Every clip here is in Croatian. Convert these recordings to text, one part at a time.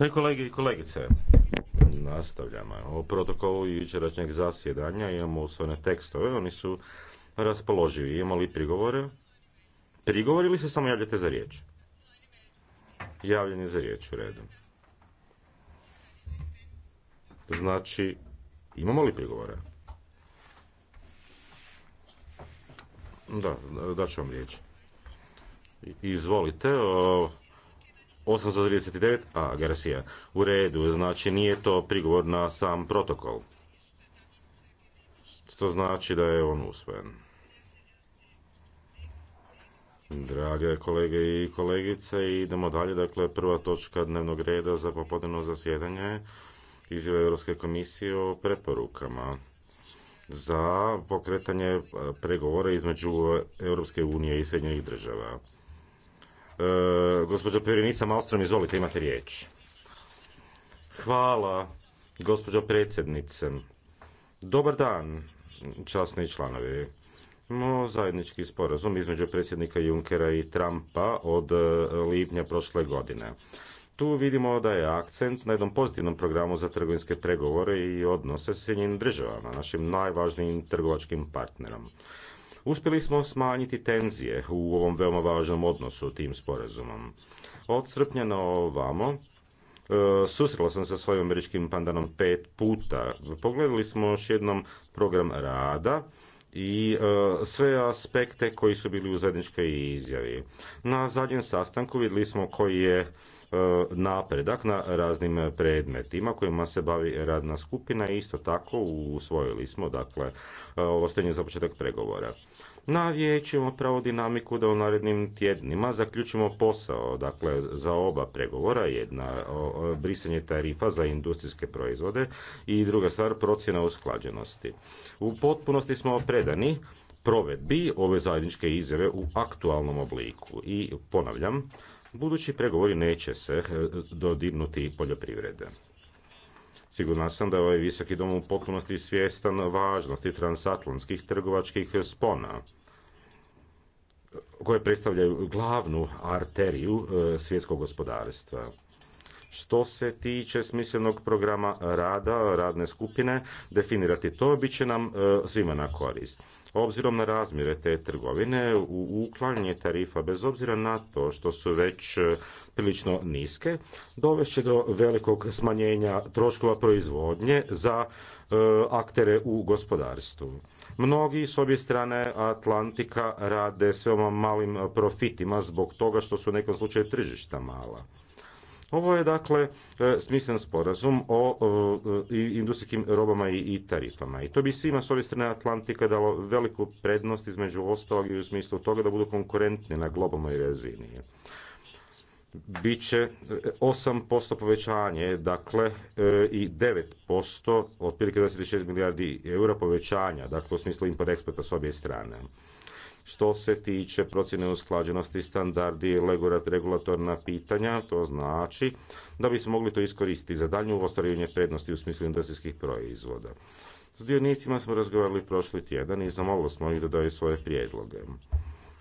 Äh, kolege i kolegice, nastavljamo. O protokolu jučerašnjeg zasjedanja imamo usvojene tekstove, oni su raspoloživi. Imamo li prigovore? Prigovori ili se samo javljate za riječ? Javljanje za riječ u redu. Znači, imamo li prigovore? Da, ću vam riječ. Izvolite, 839, a Garcia, u redu, znači nije to prigovor na sam protokol. To znači da je on usvojen. Drage kolege i kolegice, idemo dalje. Dakle, prva točka dnevnog reda za popodnevno zasjedanje izjave Europske komisije o preporukama za pokretanje e, pregovora između Europske unije i Sjedinjenih država. E, gospođo Pirinica Malstrom, izvolite, imate riječ. Hvala, gospođo predsjednice. Dobar dan, časni članovi. No, zajednički sporazum između predsjednika Junkera i Trumpa od e, lipnja prošle godine. Tu vidimo da je akcent na jednom pozitivnom programu za trgovinske pregovore i odnose s njim državama, našim najvažnijim trgovačkim partnerom. Uspjeli smo smanjiti tenzije u ovom veoma važnom odnosu tim sporazumom. Od srpnja na ovamo e, susrela sam sa svojim američkim pandanom pet puta. Pogledali smo još jednom program rada i e, sve aspekte koji su bili u zajedničkoj izjavi. Na zadnjem sastanku vidjeli smo koji je E, napredak na raznim predmetima kojima se bavi radna skupina i isto tako usvojili smo dakle e, ostajanje za početak pregovora. Na vijeću pravo dinamiku da u narednim tjednima zaključimo posao dakle, za oba pregovora. Jedna, brisanje tarifa za industrijske proizvode i druga stvar, procjena usklađenosti. U potpunosti smo predani provedbi ove zajedničke izjave u aktualnom obliku i ponavljam, Budući pregovori neće se e, dodirnuti poljoprivrede. Sigurno sam da je ovaj visoki dom u potpunosti svjestan važnosti transatlantskih trgovačkih spona koje predstavljaju glavnu arteriju e, svjetskog gospodarstva. Što se tiče smislenog programa rada, radne skupine, definirati to bit će nam e, svima na korist. Obzirom na razmjere te trgovine, u uklanjanje tarifa, bez obzira na to što su već e, prilično niske, dovešće do velikog smanjenja troškova proizvodnje za e, aktere u gospodarstvu. Mnogi s obje strane Atlantika rade s veoma malim profitima zbog toga što su u nekom slučaju tržišta mala. Ovo je dakle e, smislen sporazum o e, e, industrijskim robama i tarifama i to bi svima s obje strane Atlantika dalo veliku prednost između ostalog i u smislu toga da budu konkurentni na globalnoj razini Biće 8% povećanje, dakle i 9%, otprilike 26 milijardi eura povećanja, dakle u smislu import eksporta s obje strane. Što se tiče procjene usklađenosti standardi i regulatorna pitanja, to znači da bismo mogli to iskoristiti za daljnje ostvarivanje prednosti u smislu industrijskih proizvoda. S dionicima smo razgovarali prošli tjedan i zamolili smo ih da daju svoje prijedloge.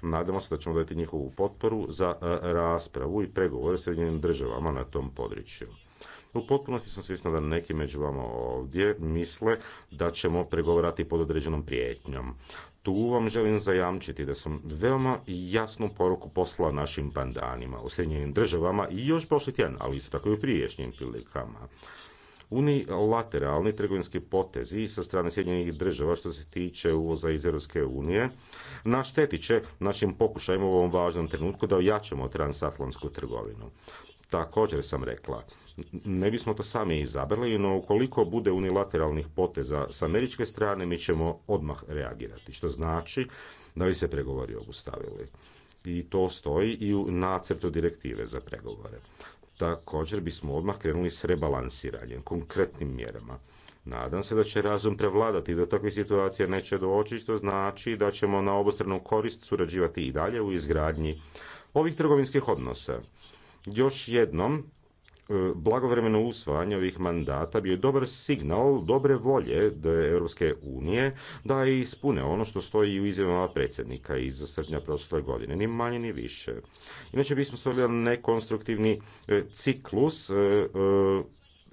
Nadamo se da ćemo dati njihovu potporu za e, raspravu i pregovore s jedinim državama na tom području. U potpunosti sam svjestan da neki među vama ovdje misle da ćemo pregovarati pod određenom prijetnjom tu vam želim zajamčiti da sam veoma jasnu poruku poslao našim bandanima u Sjedinjenim državama i još prošli tjedan, ali isto tako i u priješnjim prilikama. Unilateralni trgovinski potezi sa strane Sjedinjenih država što se tiče uvoza iz Europske unije naštetit će našim pokušajima u ovom važnom trenutku da ojačamo transatlantsku trgovinu također sam rekla. Ne bismo to sami izabrali, no ukoliko bude unilateralnih poteza s američke strane, mi ćemo odmah reagirati, što znači da bi se pregovori obustavili. I to stoji i u nacrtu direktive za pregovore. Također bismo odmah krenuli s rebalansiranjem, konkretnim mjerama. Nadam se da će razum prevladati i da takve situacije neće doći, što znači da ćemo na obostranu korist surađivati i dalje u izgradnji ovih trgovinskih odnosa. Još jednom, e, blagovremeno usvajanje ovih mandata bio je dobar signal dobre volje da Europske unije da ispune ono što stoji u izjavama predsjednika iz srpnja prošle godine, ni manje ni više. Inače bismo stvorili nekonstruktivni e, ciklus e,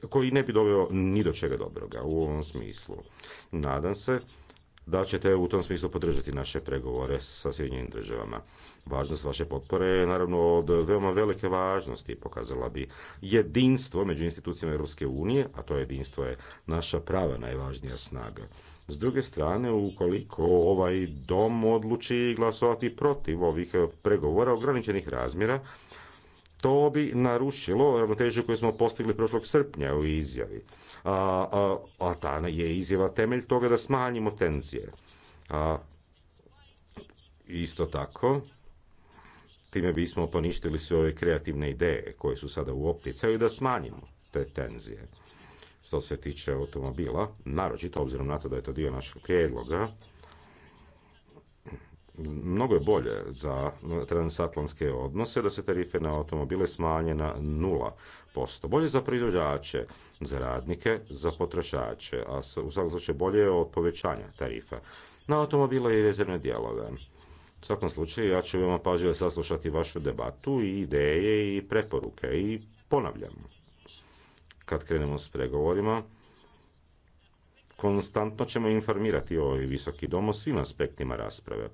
koji ne bi doveo ni do čega dobroga u ovom smislu. Nadam se da ćete u tom smislu podržati naše pregovore sa Sjedinjenim državama. Važnost vaše potpore je naravno od veoma velike važnosti pokazala bi jedinstvo među institucijama Europske unije, a to jedinstvo je naša prava najvažnija snaga. S druge strane, ukoliko ovaj dom odluči glasovati protiv ovih pregovora ograničenih razmjera, to bi narušilo ravnotežu koju smo postigli prošlog srpnja u izjavi a, a ta je izjava temelj toga da smanjimo tenzije. A, isto tako, time bismo poništili sve ove kreativne ideje koje su sada u opticaju da smanjimo te tenzije. Što se tiče automobila, naročito obzirom na to da je to dio našeg prijedloga, mnogo je bolje za transatlantske odnose da se tarife na automobile smanje na nula posto. Bolje za proizvođače, za radnike, za potrošače, a u svakom slučaju bolje od povećanja tarifa na automobile i rezervne dijelove. U svakom slučaju ja ću veoma pažljivo saslušati vašu debatu i ideje i preporuke i ponavljam. Kad krenemo s pregovorima, konstantno ćemo informirati ovaj visoki dom o svim aspektima rasprave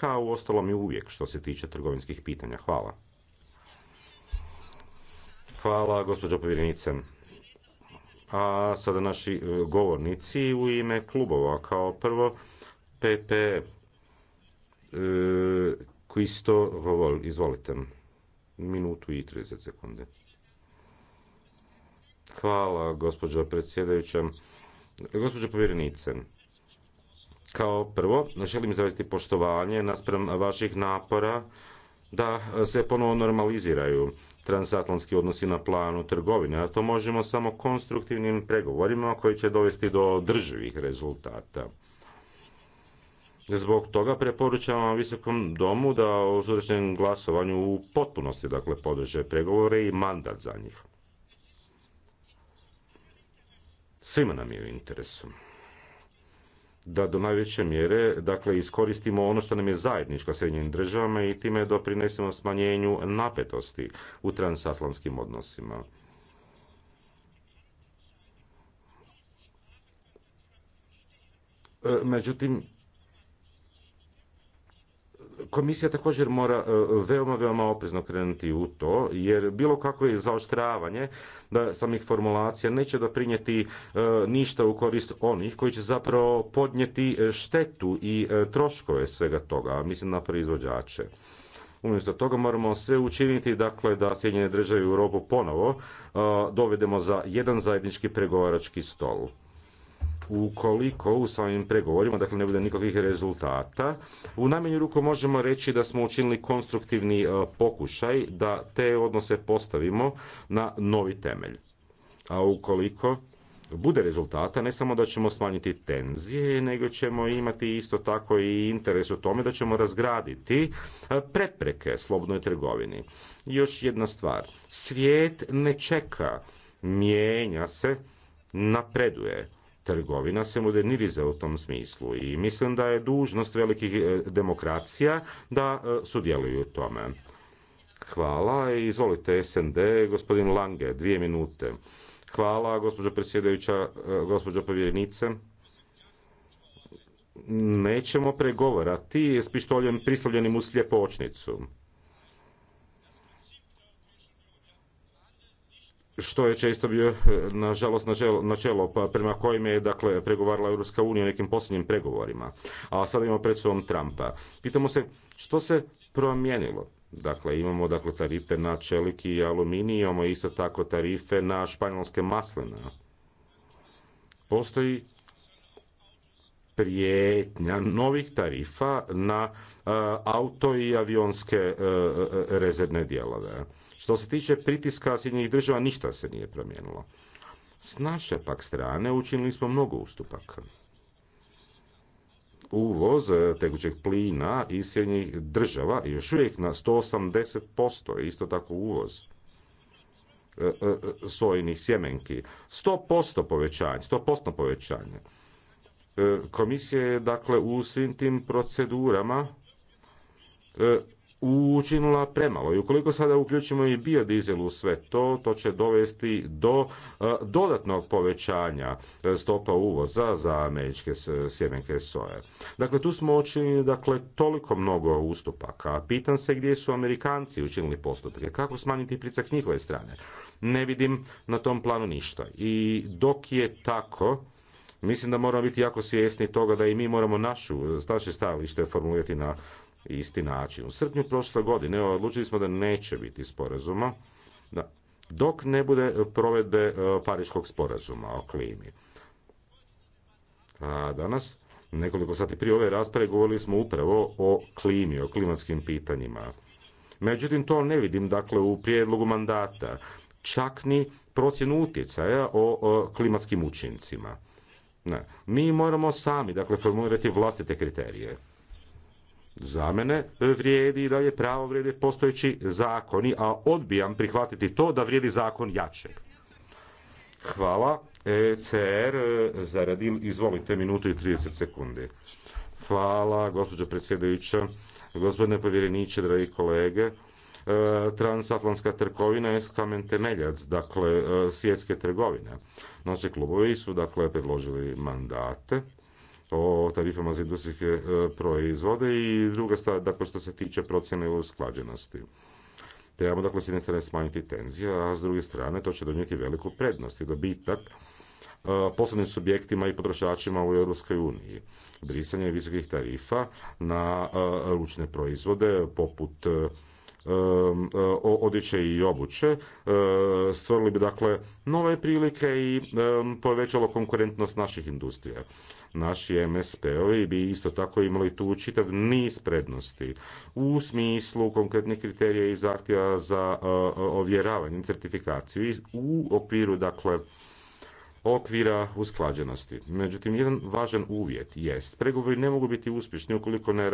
kao ostalom i uvijek što se tiče trgovinskih pitanja. Hvala. Hvala, gospođo povjerenice. A sada naši e, govornici u ime klubova. Kao prvo, PP e, Kristo Rovol, izvolite. Minutu i 30 sekunde. Hvala, gospođo predsjedajuća. Gospođo povjerenice, kao prvo, želim izraziti poštovanje naspram vaših napora da se ponovo normaliziraju transatlantski odnosi na planu trgovine, a to možemo samo konstruktivnim pregovorima koji će dovesti do drživih rezultata. Zbog toga preporučam Visokom domu da u glasovanju u potpunosti dakle, podrže pregovore i mandat za njih. Svima nam je u interesu da do najveće mjere dakle, iskoristimo ono što nam je zajedničko s jednim državama i time doprinesemo smanjenju napetosti u transatlantskim odnosima. E, međutim, Komisija također mora e, veoma, veoma oprezno krenuti u to, jer bilo kako je zaoštravanje da samih formulacija neće doprinijeti e, ništa u korist onih koji će zapravo podnijeti e, štetu i troškove svega toga, mislim na proizvođače. Umjesto toga moramo sve učiniti dakle, da Sjedinjene države i Europu ponovo dovedemo za jedan zajednički pregovarački stol ukoliko u samim pregovorima dakle ne bude nikakvih rezultata u najmanju ruku možemo reći da smo učinili konstruktivni e, pokušaj da te odnose postavimo na novi temelj a ukoliko bude rezultata, ne samo da ćemo smanjiti tenzije, nego ćemo imati isto tako i interes u tome da ćemo razgraditi e, prepreke slobodnoj trgovini. Još jedna stvar, svijet ne čeka, mijenja se, napreduje trgovina se moderniriza u tom smislu i mislim da je dužnost velikih e, demokracija da e, sudjeluju u tome. Hvala i izvolite SND, gospodin Lange, dvije minute. Hvala, gospođo predsjedajuća, e, gospođo povjerenice. Nećemo pregovarati s pištoljem prislovljenim u sljepočnicu. što je često bio eh, nažalost načelo pa prema kojim je dakle pregovarala Europska unija u nekim posljednjim pregovorima, a sada imamo pred sobom Trumpa. Pitamo se što se promijenilo. Dakle, imamo dakle tarife na čeliki i aluminij, imamo isto tako tarife na španjolske masline. Postoji prijetnja novih tarifa na eh, auto i avionske uh, rezervne dijelove. Što se tiče pritiska Sjedinjenih država, ništa se nije promijenilo. S naše pak strane učinili smo mnogo ustupaka. Uvoz e, tekućeg plina iz Sjedinjenih država je još uvijek na 180%, isto tako uvoz e, e, sojnih sjemenki. 100% povećanje, 100% povećanje. Komisija je dakle u svim tim procedurama učinila premalo. I ukoliko sada uključimo i biodizel u sve to, to će dovesti do e, dodatnog povećanja e, stopa uvoza za američke sjemenke soje. Dakle, tu smo učinili dakle, toliko mnogo ustupaka. Pitan se gdje su Amerikanci učinili postupke, kako smanjiti pricak njihove strane. Ne vidim na tom planu ništa. I dok je tako, Mislim da moramo biti jako svjesni toga da i mi moramo našu, naše stajalište formulirati na isti način. U srpnju prošle godine odlučili smo da neće biti sporazuma dok ne bude provedbe e, Pariškog sporazuma o klimi. A danas, nekoliko sati prije ove rasprave, govorili smo upravo o klimi, o klimatskim pitanjima. Međutim, to ne vidim dakle, u prijedlogu mandata, čak ni procjenu utjecaja o, o klimatskim učincima. Ne. Mi moramo sami dakle, formulirati vlastite kriterije. Za mene vrijedi da je pravo vrijede postojeći zakoni, a odbijam prihvatiti to da vrijedi zakon jačeg. Hvala. E CR, zaradim, izvolite minutu i 30 sekundi. Hvala, gospođo predsjedajuća, gospodine povjereniče, dragi kolege e, transatlantska trgovina je kamen temeljac dakle e, svjetske trgovine. Naši klubovi su dakle predložili mandate o tarifama za industrijske e, proizvode i druga stvar, dakle, što se tiče procjene usklađenosti. Trebamo, dakle, s jedne strane smanjiti tenzije, a s druge strane to će donijeti veliku prednost i dobitak e, poslovnim subjektima i potrošačima u Europskoj uniji. Brisanje visokih tarifa na e, ručne proizvode poput E, odjeće i obuće, e, stvorili bi dakle nove prilike i povećalo konkurentnost naših industrija. Naši MSP-ovi bi isto tako imali tu čitav niz prednosti u smislu konkretnih kriterija i zahtjeva za e, ovjeravanje, certifikaciju u okviru dakle okvira usklađenosti. Međutim, jedan važan uvjet jest pregovori ne mogu biti uspješni ukoliko ne,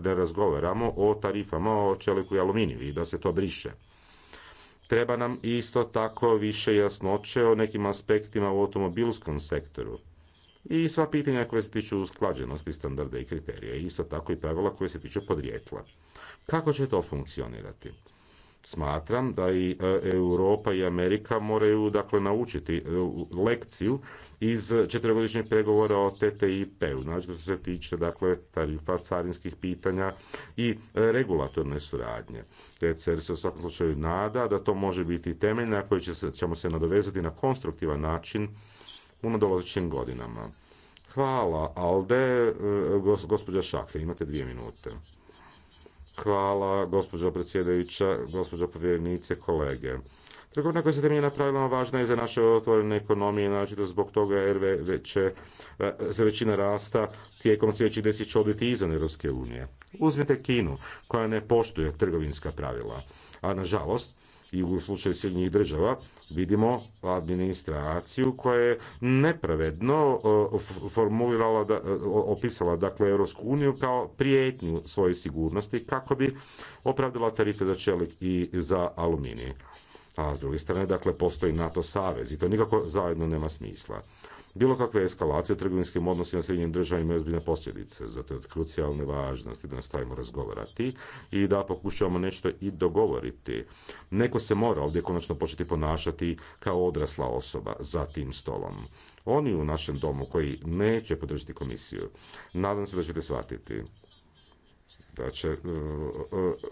ne razgovaramo o tarifama o čeliku i aluminiju i da se to briše. Treba nam isto tako više jasnoće o nekim aspektima u automobilskom sektoru i sva pitanja koja se tiču usklađenosti standarda i kriterija, isto tako i pravila koje se tiču podrijetla. Kako će to funkcionirati? Smatram da i e, Europa i Amerika moraju dakle naučiti e, lekciju iz četvrgodišnjeg pregovora o TTIP-u, znači što se tiče dakle tarifa carinskih pitanja i e, regulatorne suradnje. TCR se u svakom slučaju nada da to može biti temelj na koji će se, ćemo se nadovezati na konstruktivan način u nadolazećim godinama. Hvala, Alde. gospođa Šakre, imate dvije minute. Hvala, gospođo predsjedajuća, gospođo povjerenice, kolege. Trgovina koja se temelji na pravilama važna je za naše otvorene ekonomije, znači da zbog toga RV će za većina rasta tijekom sljedećih desetljeća odbiti izvan Europske unije. Uzmite Kinu koja ne poštuje trgovinska pravila, a nažalost i u slučaju Sjedinjih država vidimo administraciju koja je nepravedno e, formulirala, e, opisala dakle Europsku uniju kao prijetnju svoje sigurnosti kako bi opravdila tarife za čelik i za aluminij. A s druge strane, dakle, postoji NATO savez i to nikako zajedno nema smisla. Bilo kakve eskalacije u trgovinskim odnosima sa srednjim državama imaju ozbiljne posljedice, zato je od krucijalne važnosti da nastavimo razgovarati i da pokušavamo nešto i dogovoriti. Neko se mora ovdje konačno početi ponašati kao odrasla osoba za tim stolom. Oni u našem domu koji neće podržati komisiju, nadam se da ćete shvatiti da će e, e,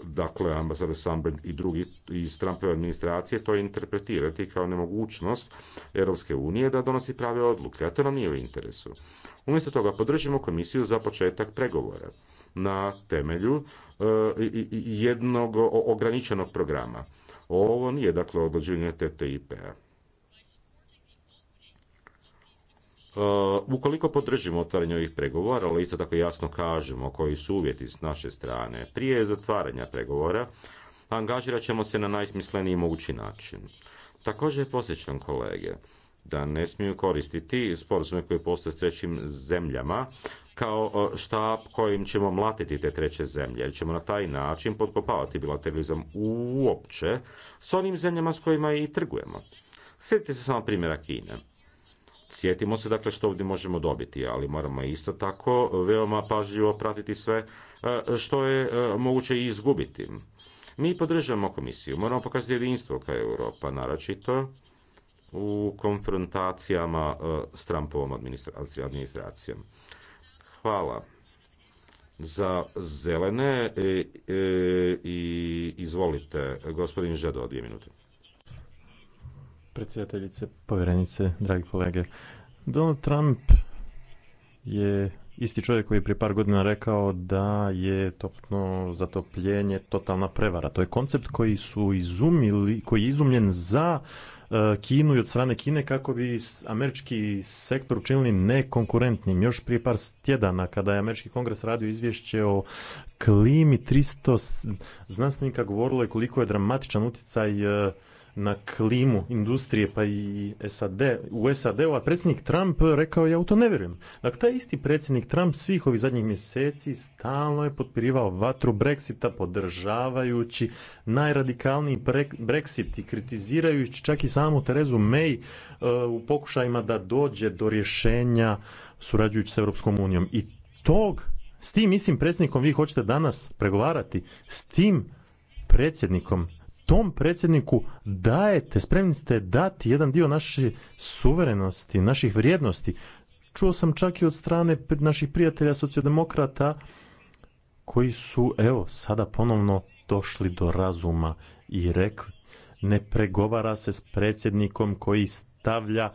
dakle ambasador i drugi iz Trumpove administracije to interpretirati kao nemogućnost Europske unije da donosi prave odluke, a to nam nije u interesu. Umjesto toga podržimo komisiju za početak pregovora na temelju e, jednog ograničenog programa. Ovo nije dakle odlođenje TTIP-a. Uh, ukoliko podržimo otvaranje ovih pregovora, ali isto tako jasno kažemo koji su uvjeti s naše strane, prije zatvaranja pregovora angažirat ćemo se na najsmisleniji mogući način. Također posjećam kolege da ne smiju koristiti sporazume koje postoje s trećim zemljama kao uh, štab kojim ćemo mlatiti te treće zemlje, jer ćemo na taj način podkopavati bilateralizam uopće s onim zemljama s kojima i trgujemo. Sjetite se samo primjera Kine. Sjetimo se dakle što ovdje možemo dobiti, ali moramo isto tako veoma pažljivo pratiti sve e, što je e, moguće i izgubiti. Mi podržamo komisiju, moramo pokazati jedinstvo kao Europa, naročito u konfrontacijama e, s Trumpovom administracijom. Hvala. Za zelene i izvolite, gospodin Žedo, dvije minute predsjedateljice, povjerenice, dragi kolege. Donald Trump je isti čovjek koji je prije par godina rekao da je topno zatopljenje totalna prevara. To je koncept koji su izumili, koji je izumljen za e, Kinu i od strane Kine kako bi američki sektor učinili nekonkurentnim. Još prije par tjedana kada je američki kongres radio izvješće o klimi 300 znanstvenika govorilo je koliko je dramatičan utjecaj e, na klimu industrije pa i SAD, u sad a predsjednik Trump rekao ja u to ne vjerujem. Dakle, taj isti predsjednik Trump svih ovih zadnjih mjeseci stalno je potpirivao vatru Brexita podržavajući najradikalniji Brexit i kritizirajući čak i samu Terezu May uh, u pokušajima da dođe do rješenja surađujući s Europskom unijom. I tog, s tim istim predsjednikom vi hoćete danas pregovarati, s tim predsjednikom tom predsjedniku dajete, spremni ste dati jedan dio naše suverenosti, naših vrijednosti. Čuo sam čak i od strane naših prijatelja sociodemokrata koji su, evo, sada ponovno došli do razuma i rekli ne pregovara se s predsjednikom koji stavlja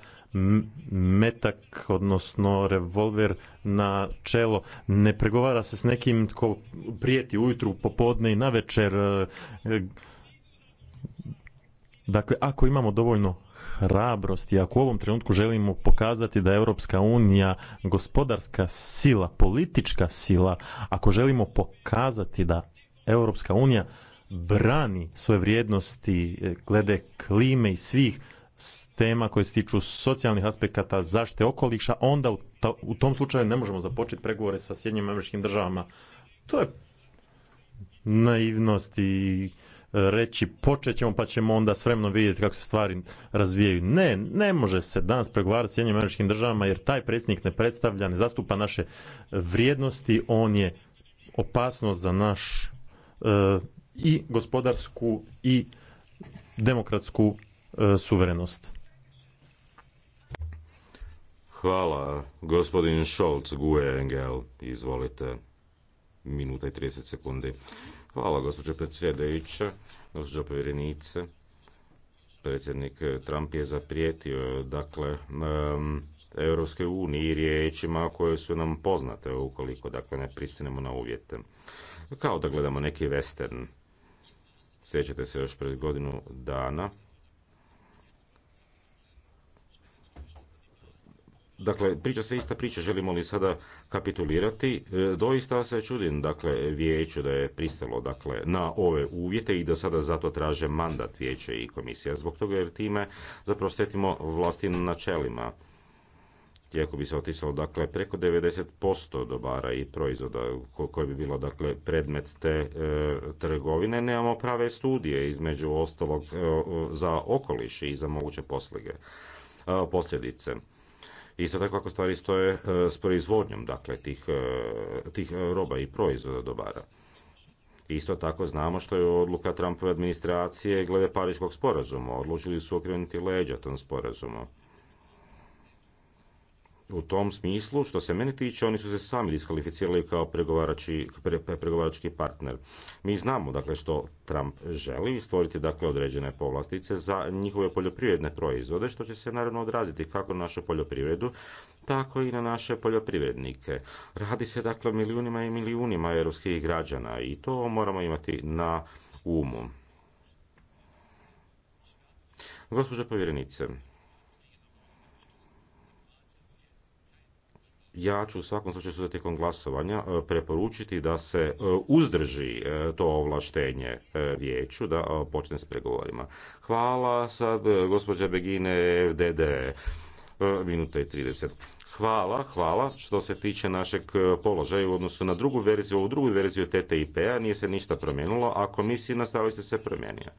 metak, odnosno revolver na čelo. Ne pregovara se s nekim tko prijeti ujutru, popodne i navečer. E, Dakle, ako imamo dovoljno hrabrosti, ako u ovom trenutku želimo pokazati da je Europska unija gospodarska sila, politička sila, ako želimo pokazati da Europska unija brani svoje vrijednosti e, glede klime i svih tema koje se tiču socijalnih aspekata zaštite okoliša, onda u, tom slučaju ne možemo započeti pregovore sa sjednjim američkim državama. To je naivnost i reći počet ćemo pa ćemo onda s vidjeti kako se stvari razvijaju. Ne, ne može se danas pregovarati s jednim američkim državama jer taj predsjednik ne predstavlja, ne zastupa naše vrijednosti, on je opasnost za naš e, i gospodarsku i demokratsku e, suverenost. Hvala, gospodin Scholz, Gue izvolite, minuta i 30 sekundi. Hvala, gospođo predsjedajuća, gospođo povjerenice. Predsjednik Trump je zaprijetio, dakle, um, i riječima koje su nam poznate ukoliko dakle ne pristinemo na uvjete. Kao da gledamo neki western. Sjećate se još pred godinu dana Dakle, priča se ista priča, želimo li sada kapitulirati. E, doista se čudim, dakle, vijeću da je pristalo dakle, na ove uvjete i da sada zato traže mandat vijeće i komisija. Zbog toga jer time zapravo štetimo vlastim načelima. Iako bi se otisalo dakle, preko 90% dobara i proizvoda koji bi bilo dakle, predmet te e, trgovine, nemamo prave studije između ostalog e, za okoliš i za moguće poslige, posljedice Isto tako ako stvari stoje e, s proizvodnjom dakle, tih, e, tih e, roba i proizvoda dobara. Isto tako znamo što je odluka Trumpove administracije glede Pariškog sporazuma. Odlučili su okrenuti leđa tom sporazumu u tom smislu, što se mene tiče, oni su se sami diskvalificirali kao pregovarači, pre, pregovarački partner. Mi znamo dakle što Trump želi stvoriti dakle određene povlastice za njihove poljoprivredne proizvode, što će se naravno odraziti kako na našu poljoprivredu, tako i na naše poljoprivrednike. Radi se dakle o milijunima i milijunima europskih građana i to moramo imati na umu. Gospođo povjerenice, ja ću u svakom slučaju tijekom glasovanja e, preporučiti da se e, uzdrži e, to ovlaštenje vijeću da počne s pregovorima. Hvala sad gospođa Begine FDD, minuta i 30. Hvala, hvala. Što se tiče našeg položaja u odnosu na drugu verziju, u drugu verziju TTIP-a nije se ništa promijenilo, a komisiji na se promijenio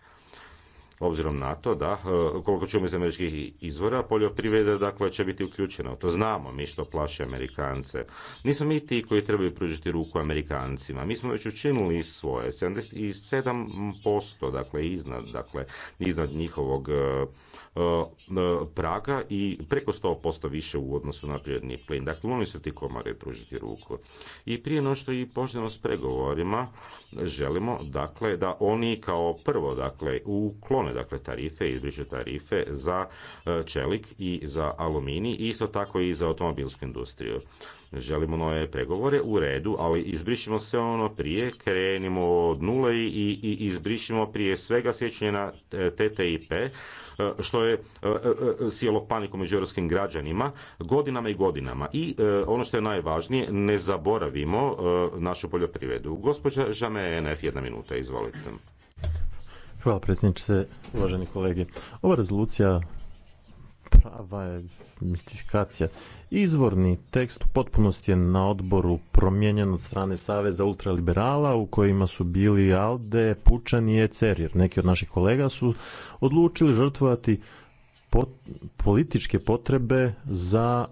obzirom na to da, e, koliko čujemo iz američkih izvora, poljoprivreda dakle će biti uključena. To znamo mi što plaše Amerikance. Nismo mi ti koji trebaju pružiti ruku Amerikancima. Mi smo već učinili svoje. 77% dakle iznad, dakle, iznad njihovog e, E, e, praga i preko 100% više u odnosu na prirodni plin. Dakle, oni su ti komare pružiti ruku. I prije no što i počnemo s pregovorima, želimo dakle da oni kao prvo dakle uklone dakle tarife, više tarife za e, čelik i za aluminij isto tako i za automobilsku industriju. Želimo nove pregovore u redu, ali izbrišimo sve ono prije, krenimo od nule i, i izbrišimo prije svega sjećanje na TTIP, e, što je e, e, sjelo paniku među europskim građanima godinama i godinama. I ono što je najvažnije, ne zaboravimo našu poljoprivredu. Gospođa Žame NF, jedna minuta, izvolite. Hvala predsjedniče, uvaženi kolege. Ova rezolucija prava je mistifikacija. Izvorni tekst u potpunosti je na odboru promijenjen od strane Saveza ultraliberala u kojima su bili Alde, Pučan i Ecer, jer neki od naših kolega su odlučili žrtvovati političke potrebe za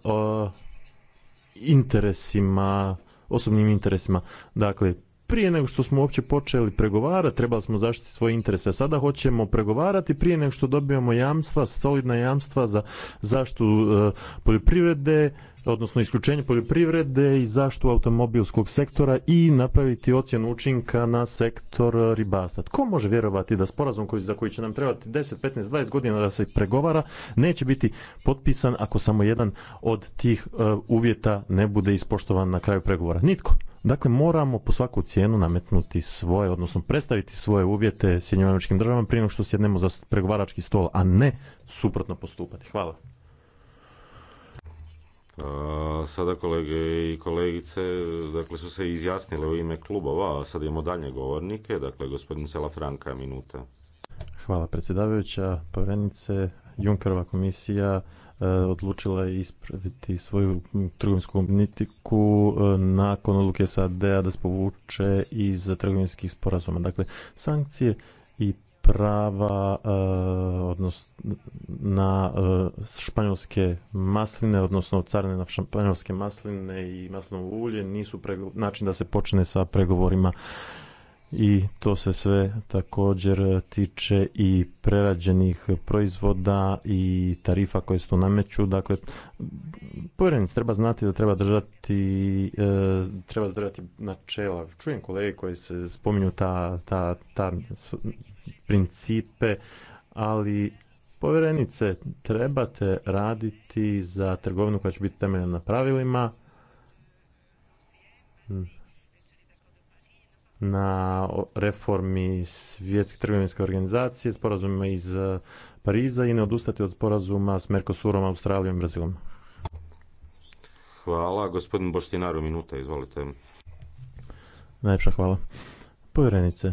interesima, osobnim interesima. Dakle, prije nego što smo uopće počeli pregovarati, trebali smo zaštiti svoje interese. Sada hoćemo pregovarati prije nego što dobijemo jamstva, solidna jamstva za zaštitu e, poljoprivrede, odnosno isključenje poljoprivrede i zaštitu automobilskog sektora i napraviti ocjenu učinka na sektor ribarstva. Tko može vjerovati da sporazum koji, za koji će nam trebati 10, 15, 20 godina da se pregovara neće biti potpisan ako samo jedan od tih e, uvjeta ne bude ispoštovan na kraju pregovora? Nitko. Dakle, moramo po svaku cijenu nametnuti svoje, odnosno predstaviti svoje uvjete Sjedinjim američkim državama prije što sjednemo za pregovarački stol, a ne suprotno postupati. Hvala. A, sada kolege i kolegice dakle, su se izjasnili u ime klubova, a sad imamo dalje govornike. Dakle, gospodin Franka, minuta. Hvala predsjedavajuća, povrednice, Junkerova komisija, E, odlučila je ispraviti svoju trgovinsku politiku e, nakon odluke SAD-a da se povuče iz trgovinskih sporazuma. Dakle, sankcije i prava e, odnosno na španjolske masline, odnosno carne na španjolske masline i maslinovo ulje nisu način da se počne sa pregovorima i to se sve također tiče i prerađenih proizvoda i tarifa koje se tu nameću. Dakle, povjerenic treba znati da treba držati, e, treba zadržati načela. Čujem kolege koji se spominju ta, ta, ta principe, ali povjerenice, trebate raditi za trgovinu koja će biti temeljena na pravilima, na reformi svjetske trgovinske organizacije, sporazumima iz eh, Pariza i ne odustati od sporazuma s Mercosurom, Australijom i Brazilom. Hvala. Gospodin Boštinaru, minuta, izvolite. Najljepša hvala. Povjerenice,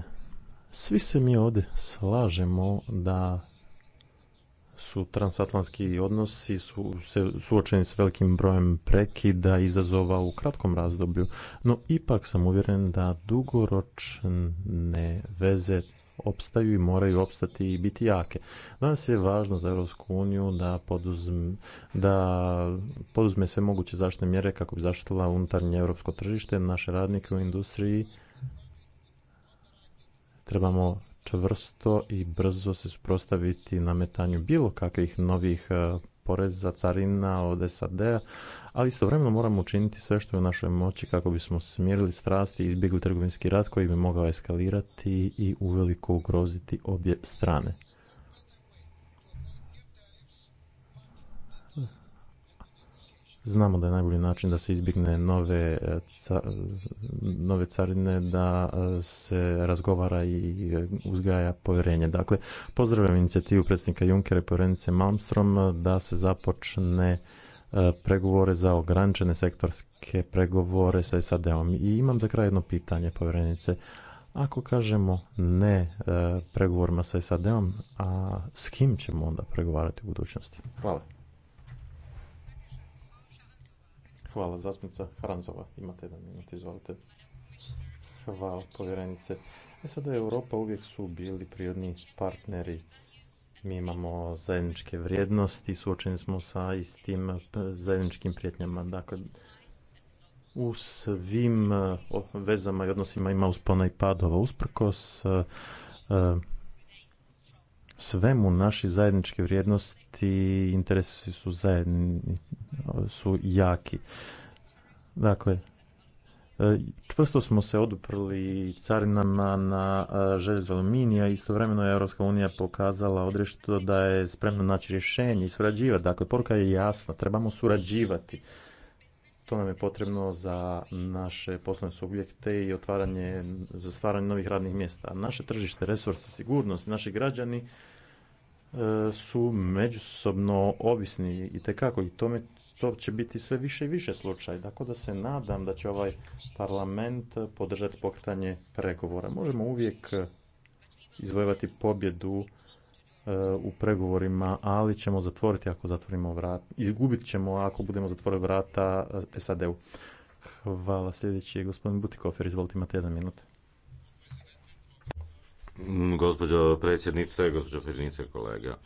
svi se mi ovdje slažemo da su transatlantski odnosi su se suočeni s velikim brojem prekida izazova u kratkom razdoblju, no ipak sam uvjeren da dugoročne veze opstaju i moraju opstati i biti jake. Danas je važno za Europsku uniju da, poduzme, da poduzme sve moguće zaštitne mjere kako bi zaštitila unutarnje europsko tržište, naše radnike u industriji. Trebamo čvrsto i brzo se suprotstaviti nametanju bilo kakvih novih e, poreza, carina od SAD-a, ali istovremeno moramo učiniti sve što je u našoj moći kako bismo smirili strasti i izbjegli trgovinski rat koji bi mogao eskalirati i uveliko ugroziti obje strane. Znamo da je najbolji način da se izbjegne nove, e, nove carine, da e, se razgovara i e, uzgaja povjerenje. Dakle, pozdravljam inicijativu predsjednika Junkera i povjerenice Malmstrom da se započne pregovore za ograničene sektorske pregovore sa SAD-om. I imam za kraj jedno pitanje, povjerenice. Ako kažemo ne pregovorima sa SAD-om, a s kim ćemo onda pregovarati u budućnosti? Hvala. Hvala, zastupnica Hranzova. Imate jedan minut, izvolite. Hvala, povjerenice. E sada Europa uvijek su bili prirodni partneri. Mi imamo zajedničke vrijednosti, suočeni smo sa istim e, zajedničkim prijetnjama. Dakle, u svim e, vezama i odnosima ima uspona i padova. Usprkos e, svemu naši zajedničke vrijednosti i interesi su zajedni, su jaki. Dakle, e, čvrsto smo se oduprli carinama na e, željezo aluminija i istovremeno je Europska unija pokazala odrešto da je spremna naći rješenje i surađivati. Dakle, poruka je jasna, trebamo surađivati. To nam je potrebno za naše poslovne subjekte i otvaranje, za stvaranje novih radnih mjesta. Naše tržište, resursi, sigurnost, naši građani E, su međusobno ovisni i tekako i tome to će biti sve više i više slučaj. Tako da se nadam da će ovaj parlament podržati pokretanje pregovora. Možemo uvijek izvojevati pobjedu e, u pregovorima, ali ćemo zatvoriti ako zatvorimo vrata. Izgubit ćemo ako budemo zatvorili vrata e, SAD-u. Hvala. Sljedeći je gospodin Butikofer. Izvolite, imate jedan minut. Mm, gospođo predsjednice, gospođo predsjednice kolega,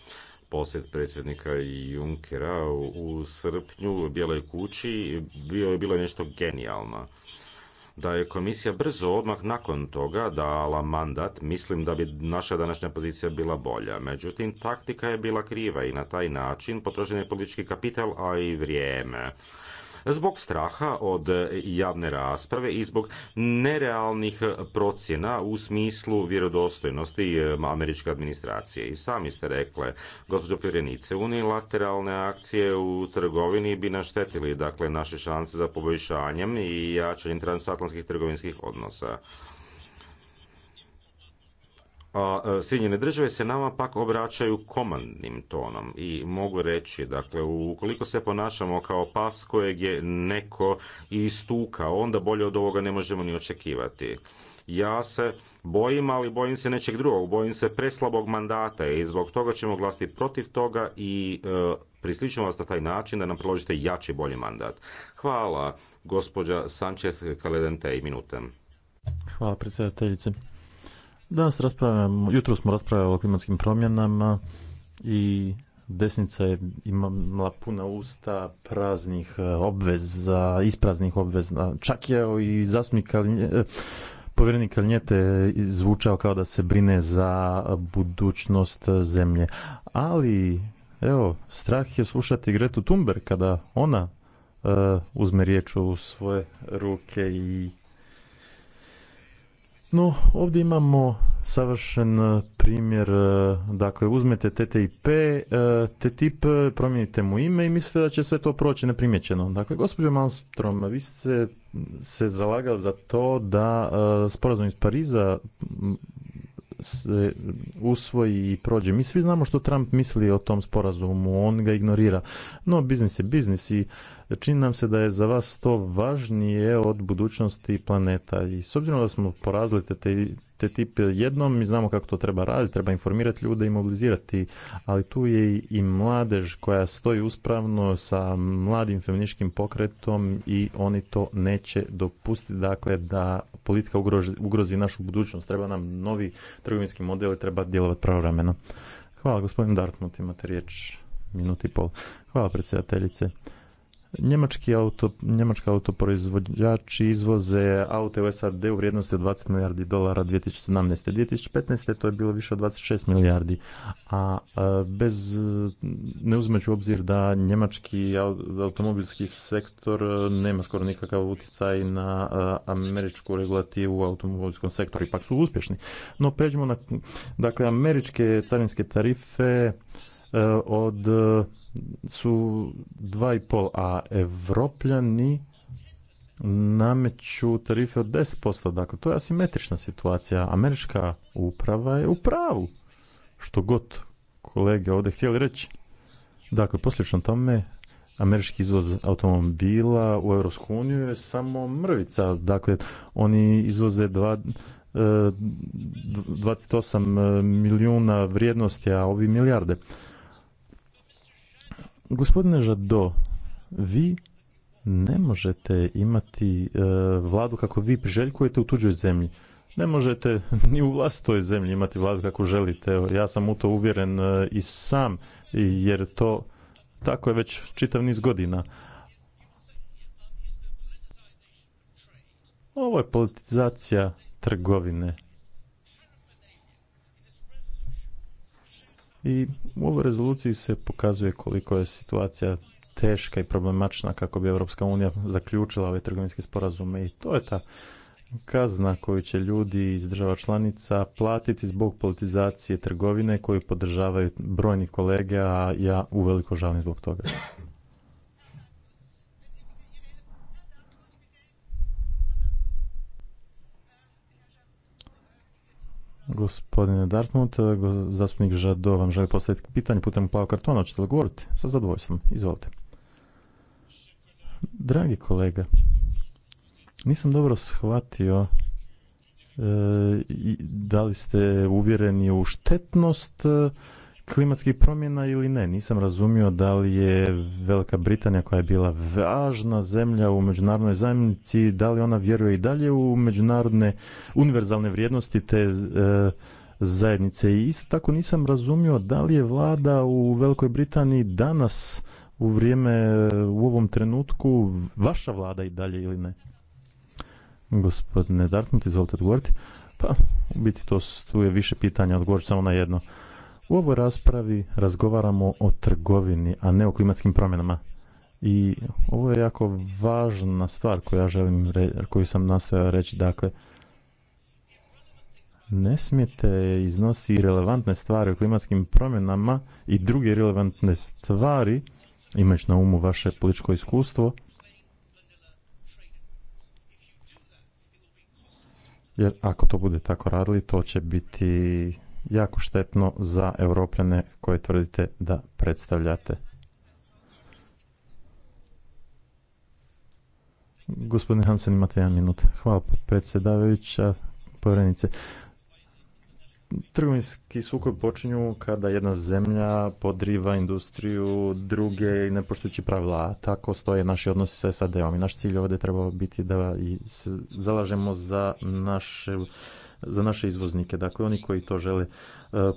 posjet predsjednika Junkera u srpnju u Bijeloj kući bio je bilo nešto genijalno. Da je komisija brzo odmah nakon toga dala mandat, mislim da bi naša današnja pozicija bila bolja. Međutim, taktika je bila kriva i na taj način potrošen je politički kapital, a i vrijeme zbog straha od javne rasprave i zbog nerealnih procjena u smislu vjerodostojnosti e, američke administracije. I sami ste rekle, gospođo povjerenice, unilateralne akcije u trgovini bi naštetili dakle naše šanse za poboljšanjem i jačanjem transatlantskih trgovinskih odnosa a e, Sjedinjene države se nama pak obraćaju komandnim tonom i mogu reći, dakle, ukoliko se ponašamo kao pas kojeg je neko istukao, onda bolje od ovoga ne možemo ni očekivati. Ja se bojim, ali bojim se nečeg drugog, bojim se preslabog mandata i zbog toga ćemo glasiti protiv toga i e, prisličimo vas na taj način da nam priložite jači bolji mandat. Hvala, gospođa Sanchez Kaledente i minutem. Hvala predsjedateljice. Danas raspravljamo, jutro smo raspravljali o klimatskim promjenama i desnica je imala puna usta praznih e, obveza, ispraznih obveza. Čak je i zastupnik e, povjerenik Kalnjete zvučao kao da se brine za budućnost zemlje. Ali, evo, strah je slušati Gretu Thunberg kada ona e, uzme riječ u svoje ruke i no, ovdje imamo savršen e, primjer, e, dakle uzmete TTIP, e, TTIP, promijenite mu ime i mislite da će sve to proći neprimijećeno. Dakle, gospođo Malmstrom, vi ste se zalagali za to da sporazum iz Pariza se usvoji i prođe. Mi svi znamo što Trump misli o tom sporazumu, on ga ignorira. No, biznis je biznis i čini nam se da je za vas to važnije od budućnosti planeta. I s obzirom da smo porazili te, te tipe jednom, mi znamo kako to treba raditi, treba informirati ljude i mobilizirati, ali tu je i mladež koja stoji uspravno sa mladim feminičkim pokretom i oni to neće dopustiti, dakle, da politika ugrozi, našu budućnost. Treba nam novi trgovinski model i treba djelovati pravovremeno. Hvala gospodin Dartmut, imate riječ minuti i pol. Hvala predsjedateljice. Njemački auto, njemačka autoproizvođači izvoze aute u SAD u vrijednosti od 20 milijardi dolara 2017. 2015. to je bilo više od 26 milijardi, a bez, ne uzmeću u obzir da njemački automobilski sektor e, nema skoro nikakav utjecaj na e, američku regulativu u automobilskom sektoru, ipak su uspješni. No pređimo na, dakle, američke carinske tarife, E, od e, su 2,5, a evropljani nameću tarife od 10%. Dakle, to je asimetrična situacija. Američka uprava je u pravu. Što god kolege ovdje htjeli reći. Dakle, posljedično tome, američki izvoz automobila u Europsku uniju je samo mrvica. Dakle, oni izvoze dva, 28 e, milijuna vrijednosti, a ovi milijarde. Gospodine Žado, vi ne možete imati e, vladu kako vi priželjkujete u tuđoj zemlji. Ne možete ni u vlastitoj zemlji imati vladu kako želite. Ja sam u to uvjeren e, i sam, jer to tako je već čitav niz godina. Ovo je politizacija trgovine. I u ovoj rezoluciji se pokazuje koliko je situacija teška i problematična kako bi Europska unija zaključila ove trgovinske sporazume i to je ta kazna koju će ljudi iz država članica platiti zbog politizacije trgovine koju podržavaju brojni kolege, a ja uveliko žalim zbog toga. Gospodine Dartmut, e, zastupnik Žado vam želi postaviti pitanje putem plavog kartona. Hoćete li govoriti? Sa zadovoljstvom. Izvolite. Dragi kolega, nisam dobro shvatio e, da li ste uvjereni u štetnost e, klimatskih promjena ili ne. Nisam razumio da li je Velika Britanija koja je bila važna zemlja u međunarodnoj zajednici, da li ona vjeruje i dalje u međunarodne univerzalne vrijednosti te e, zajednice. I isto tako nisam razumio da li je vlada u Velikoj Britaniji danas u vrijeme, u ovom trenutku, vaša vlada i dalje ili ne? Gospodine Dartmut, izvolite odgovoriti. Pa, u biti to, tu je više pitanja, odgovorit samo na jedno. U ovoj raspravi razgovaramo o trgovini, a ne o klimatskim promjenama. I ovo je jako važna stvar koju ja želim koju sam nastojao reći. Dakle, ne smijete iznositi relevantne stvari o klimatskim promjenama i druge relevantne stvari, imajući na umu vaše političko iskustvo, jer ako to bude tako radili, to će biti jako štetno za europljane koje tvrdite da predstavljate. Gospodine Hansen, imate jedan minut. Hvala predsjedavajuća, povrednice. Trgovinski sukob počinju kada jedna zemlja podriva industriju druge i ne poštujući pravila. Tako stoje naši odnosi sa SAD-om. I naš cilj ovdje trebao biti da zalažemo za naše za naše izvoznike. Dakle, oni koji to žele e,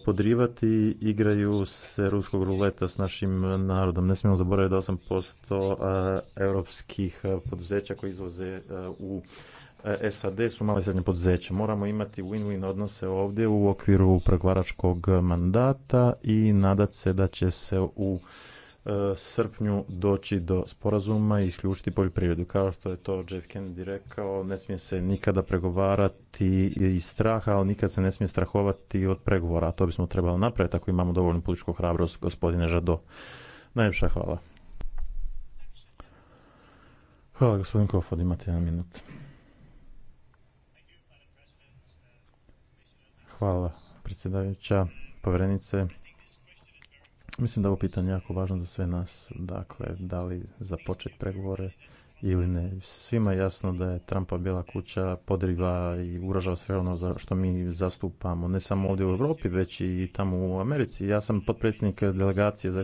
podrivati igraju se ruskog ruleta s našim narodom. Ne smijemo zaboraviti da 8% e, europskih e, poduzeća koji izvoze u SAD su male srednje poduzeće. Moramo imati win-win odnose ovdje u okviru pregovaračkog mandata i nadat se da će se u E, srpnju doći do sporazuma i isključiti poljoprivredu. Kao što je to Jeff Kennedy rekao, ne smije se nikada pregovarati iz straha, ali nikad se ne smije strahovati od pregovora. To bismo trebali napraviti ako imamo dovoljnu političku hrabrost, gospodine Žado. Najljepša hvala. Hvala, gospodin Kofod, imate jedan minut. Hvala, predsjedavajuća, povjerenice. Mislim da je ovo pitanje jako važno za sve nas. Dakle, da li započeti pregovore ili ne. Svima je jasno da je Trumpa bila kuća podriva i uražava sve ono za što mi zastupamo, ne samo ovdje u Europi, već i tamo u Americi. Ja sam potpredsjednik delegacije za,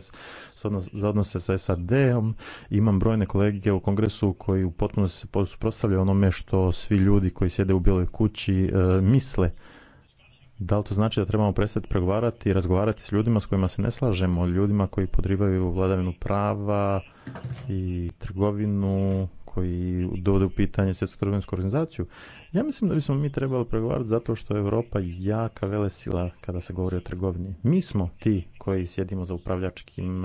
za odnose sa SAD-om, imam brojne kolege u kongresu koji u potpunosti se suprotstavljaju onome što svi ljudi koji sjede u Bijeloj kući e, misle da li to znači da trebamo prestati pregovarati i razgovarati s ljudima s kojima se ne slažemo, ljudima koji podrivaju vladavinu prava i trgovinu, koji dovode u pitanje svjetsku trgovinsku organizaciju? Ja mislim da bismo mi trebali pregovarati zato što je Europa jaka velesila kada se govori o trgovini. Mi smo ti koji sjedimo za upravljačkim,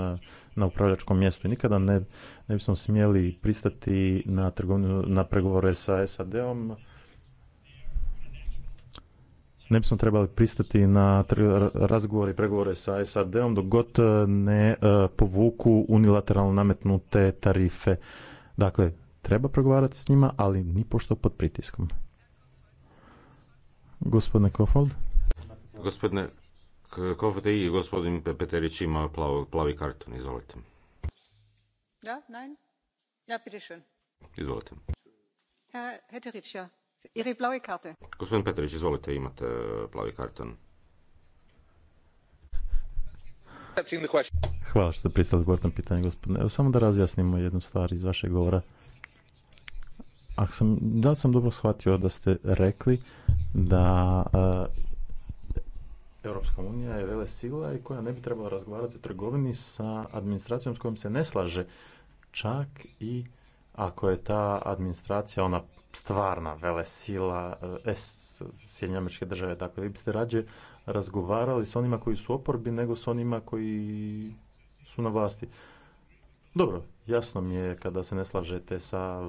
na upravljačkom mjestu i nikada ne, ne bismo smjeli pristati na, trgovinu, na pregovore sa SAD-om, ne bismo trebali pristati na razgovore i pregovore sa srd om dok god e, ne e, povuku unilateralno nametnute tarife. Dakle, treba pregovarati s njima, ali pošto pod pritiskom. Gospodine Kofold. Gospodine Kofold i gospodin Peterić ima plavi karton, izvolite. Da, nein? Ja, schön. Izvolite. Herr ja. Gospodin Petrić, izvolite, imate e, plavi karton. Hvala što ste pristali odgovor na pitanje, gospodine. Evo, samo da razjasnimo jednu stvar iz vašeg govora. sam, da li sam dobro shvatio da ste rekli da e, Europska unija je vele sila i koja ne bi trebala razgovarati o trgovini sa administracijom s kojom se ne slaže čak i ako je ta administracija ona stvarna velesila e, Sjedinjene američke države, dakle vi biste rađe razgovarali s onima koji su oporbi nego s onima koji su na vlasti. Dobro, jasno mi je kada se ne slažete sa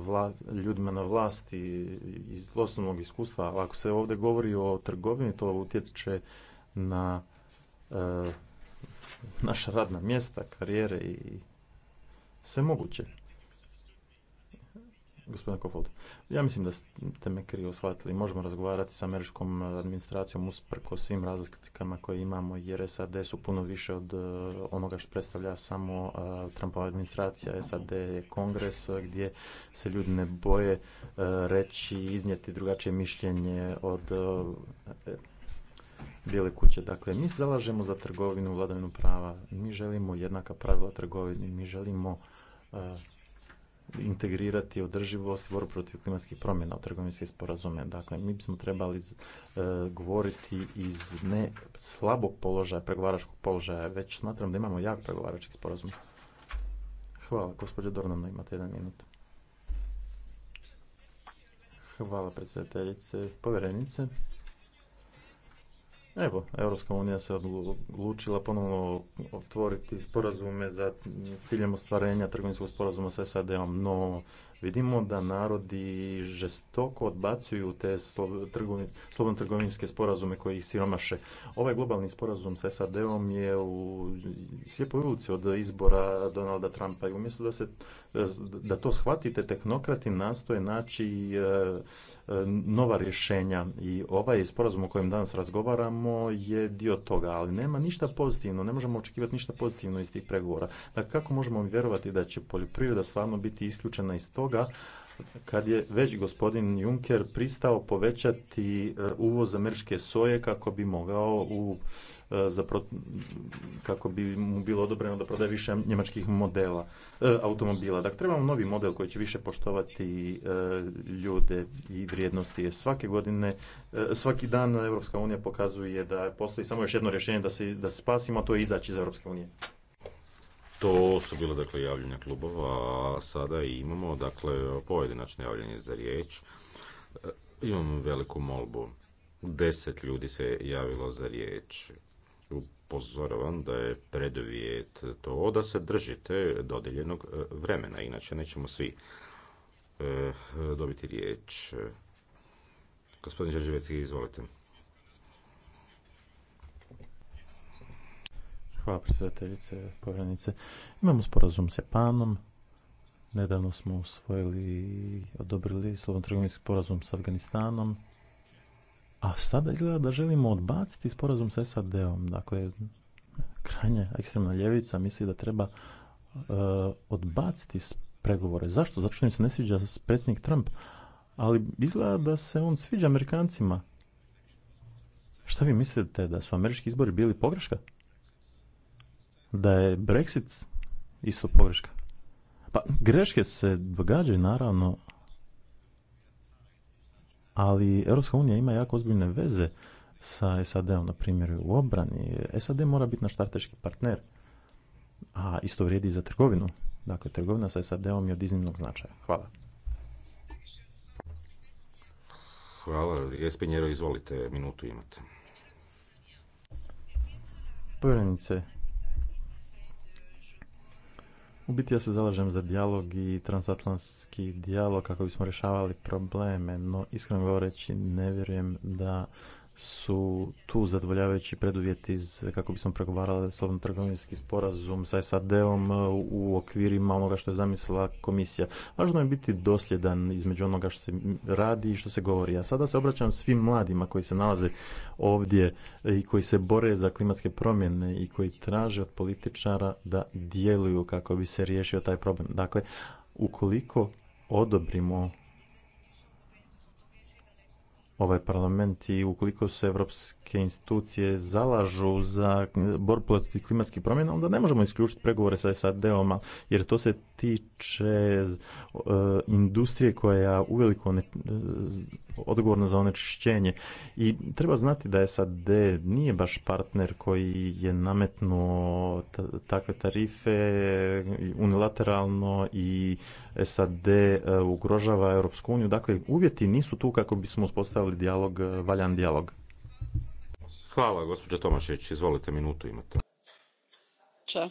ljudima na vlasti iz osnovnog iskustva, ali ako se ovdje govori o trgovini, to utječe na e, naša radna mjesta, karijere i sve moguće. Gospodine Kofold, ja mislim da ste me krivo shvatili. Možemo razgovarati sa američkom administracijom usprko svim razlikama koje imamo jer SAD su puno više od e, onoga što predstavlja samo e, Trumpova administracija. SAD je kongres gdje se ljudi ne boje e, reći, iznijeti drugačije mišljenje od bijele kuće. Dakle, mi zalažemo za trgovinu, vladavinu prava. Mi želimo jednaka pravila trgovine. Mi želimo integrirati održivost i borbu protiv klimatskih promjena u trgovinske sporazume. Dakle, mi bismo trebali e, govoriti iz ne slabog položaja, pregovaračkog položaja, već smatram da imamo jak pregovarački sporazum. Hvala, gospođo Dornano, imate jedan minut. Hvala predsjedateljice, povjerenice. Evo, Europska unija se odlučila ponovno otvoriti sporazume za ciljem ostvarenja trgovinskog sporazuma sa SAD-om, no vidimo da narodi žestoko odbacuju te slobodno trgovinske sporazume koji ih siromaše. Ovaj globalni sporazum sa SAD-om je u slijepoj ulici od izbora Donalda Trumpa i umjesto da, se, da to shvatite, tehnokrati nastoje naći e, e, nova rješenja i ovaj sporazum o kojem danas razgovaramo je dio toga, ali nema ništa pozitivno, ne možemo očekivati ništa pozitivno iz tih pregovora. Dakle, kako možemo vjerovati da će poljoprivreda stvarno biti isključena iz toga kad je već gospodin Juncker pristao povećati e, uvoz američke soje kako bi mogao u e, za kako bi mu bilo odobreno da prodaje više njemačkih modela e, automobila. Dakle, trebamo novi model koji će više poštovati ljude i vrijednosti. svake godine, svaki dan Europska unija pokazuje da postoji samo još jedno rješenje da se, da se spasimo, a to je izaći iz Europske unije. To su bile dakle javljanja klubova, a sada imamo dakle pojedinačno javljanje za riječ. E, Imam veliku molbu. Deset ljudi se javilo za riječ. Upozoravam da je preduvjet to da se držite dodeljenog e, vremena, inače nećemo svi e, dobiti riječ. Gospodin Žeživecki, izvolite. Hvala predsjedateljice, povjerenice. Imamo sporazum s Japanom. Nedavno smo usvojili i odobrili slobodno trgovinski sporazum s Afganistanom. A sada izgleda da želimo odbaciti sporazum sa SAD-om. Dakle, krajnja ekstremna ljevica misli da treba e, odbaciti pregovore. Zašto? Zašto im se ne sviđa predsjednik Trump. Ali izgleda da se on sviđa Amerikancima. Šta vi mislite, da su američki izbori bili pogreška? da je Brexit isto pogreška? Pa greške se događaju naravno, ali Europska unija ima jako ozbiljne veze sa SAD-om, na primjer u obrani. SAD mora biti naš strateški partner, a isto vrijedi i za trgovinu. Dakle, trgovina sa SAD-om je od iznimnog značaja. Hvala. Hvala. Espinjero, izvolite, minutu imate. Povjerenice, u biti ja se zalažem za dijalog i transatlantski dijalog kako bismo rješavali probleme, no iskreno govoreći ne vjerujem da su tu zadovoljavajući preduvjeti kako bismo pregovarali slobodno trgovinski sporazum sa SAD-om e, u okvirima onoga što je zamislila komisija. Važno je biti dosljedan između onoga što se radi i što se govori. A sada se obraćam svim mladima koji se nalaze ovdje i koji se bore za klimatske promjene i koji traže od političara da djeluju kako bi se riješio taj problem. Dakle, ukoliko odobrimo ovaj parlament i ukoliko se evropske institucije zalažu za borbu protiv klimatskih promjena, onda ne možemo isključiti pregovore sa SAD-om, jer to se tiče e, industrije koja je uveliko e, odgovorna za onečišćenje. I treba znati da SAD nije baš partner koji je nametnuo takve tarife unilateralno i SAD e, ugrožava Europsku uniju. Dakle, uvjeti nisu tu kako bismo uspostavili dijalog, valjan dijalog. Hvala, gospođo Tomašić. Izvolite, minutu imate. Ča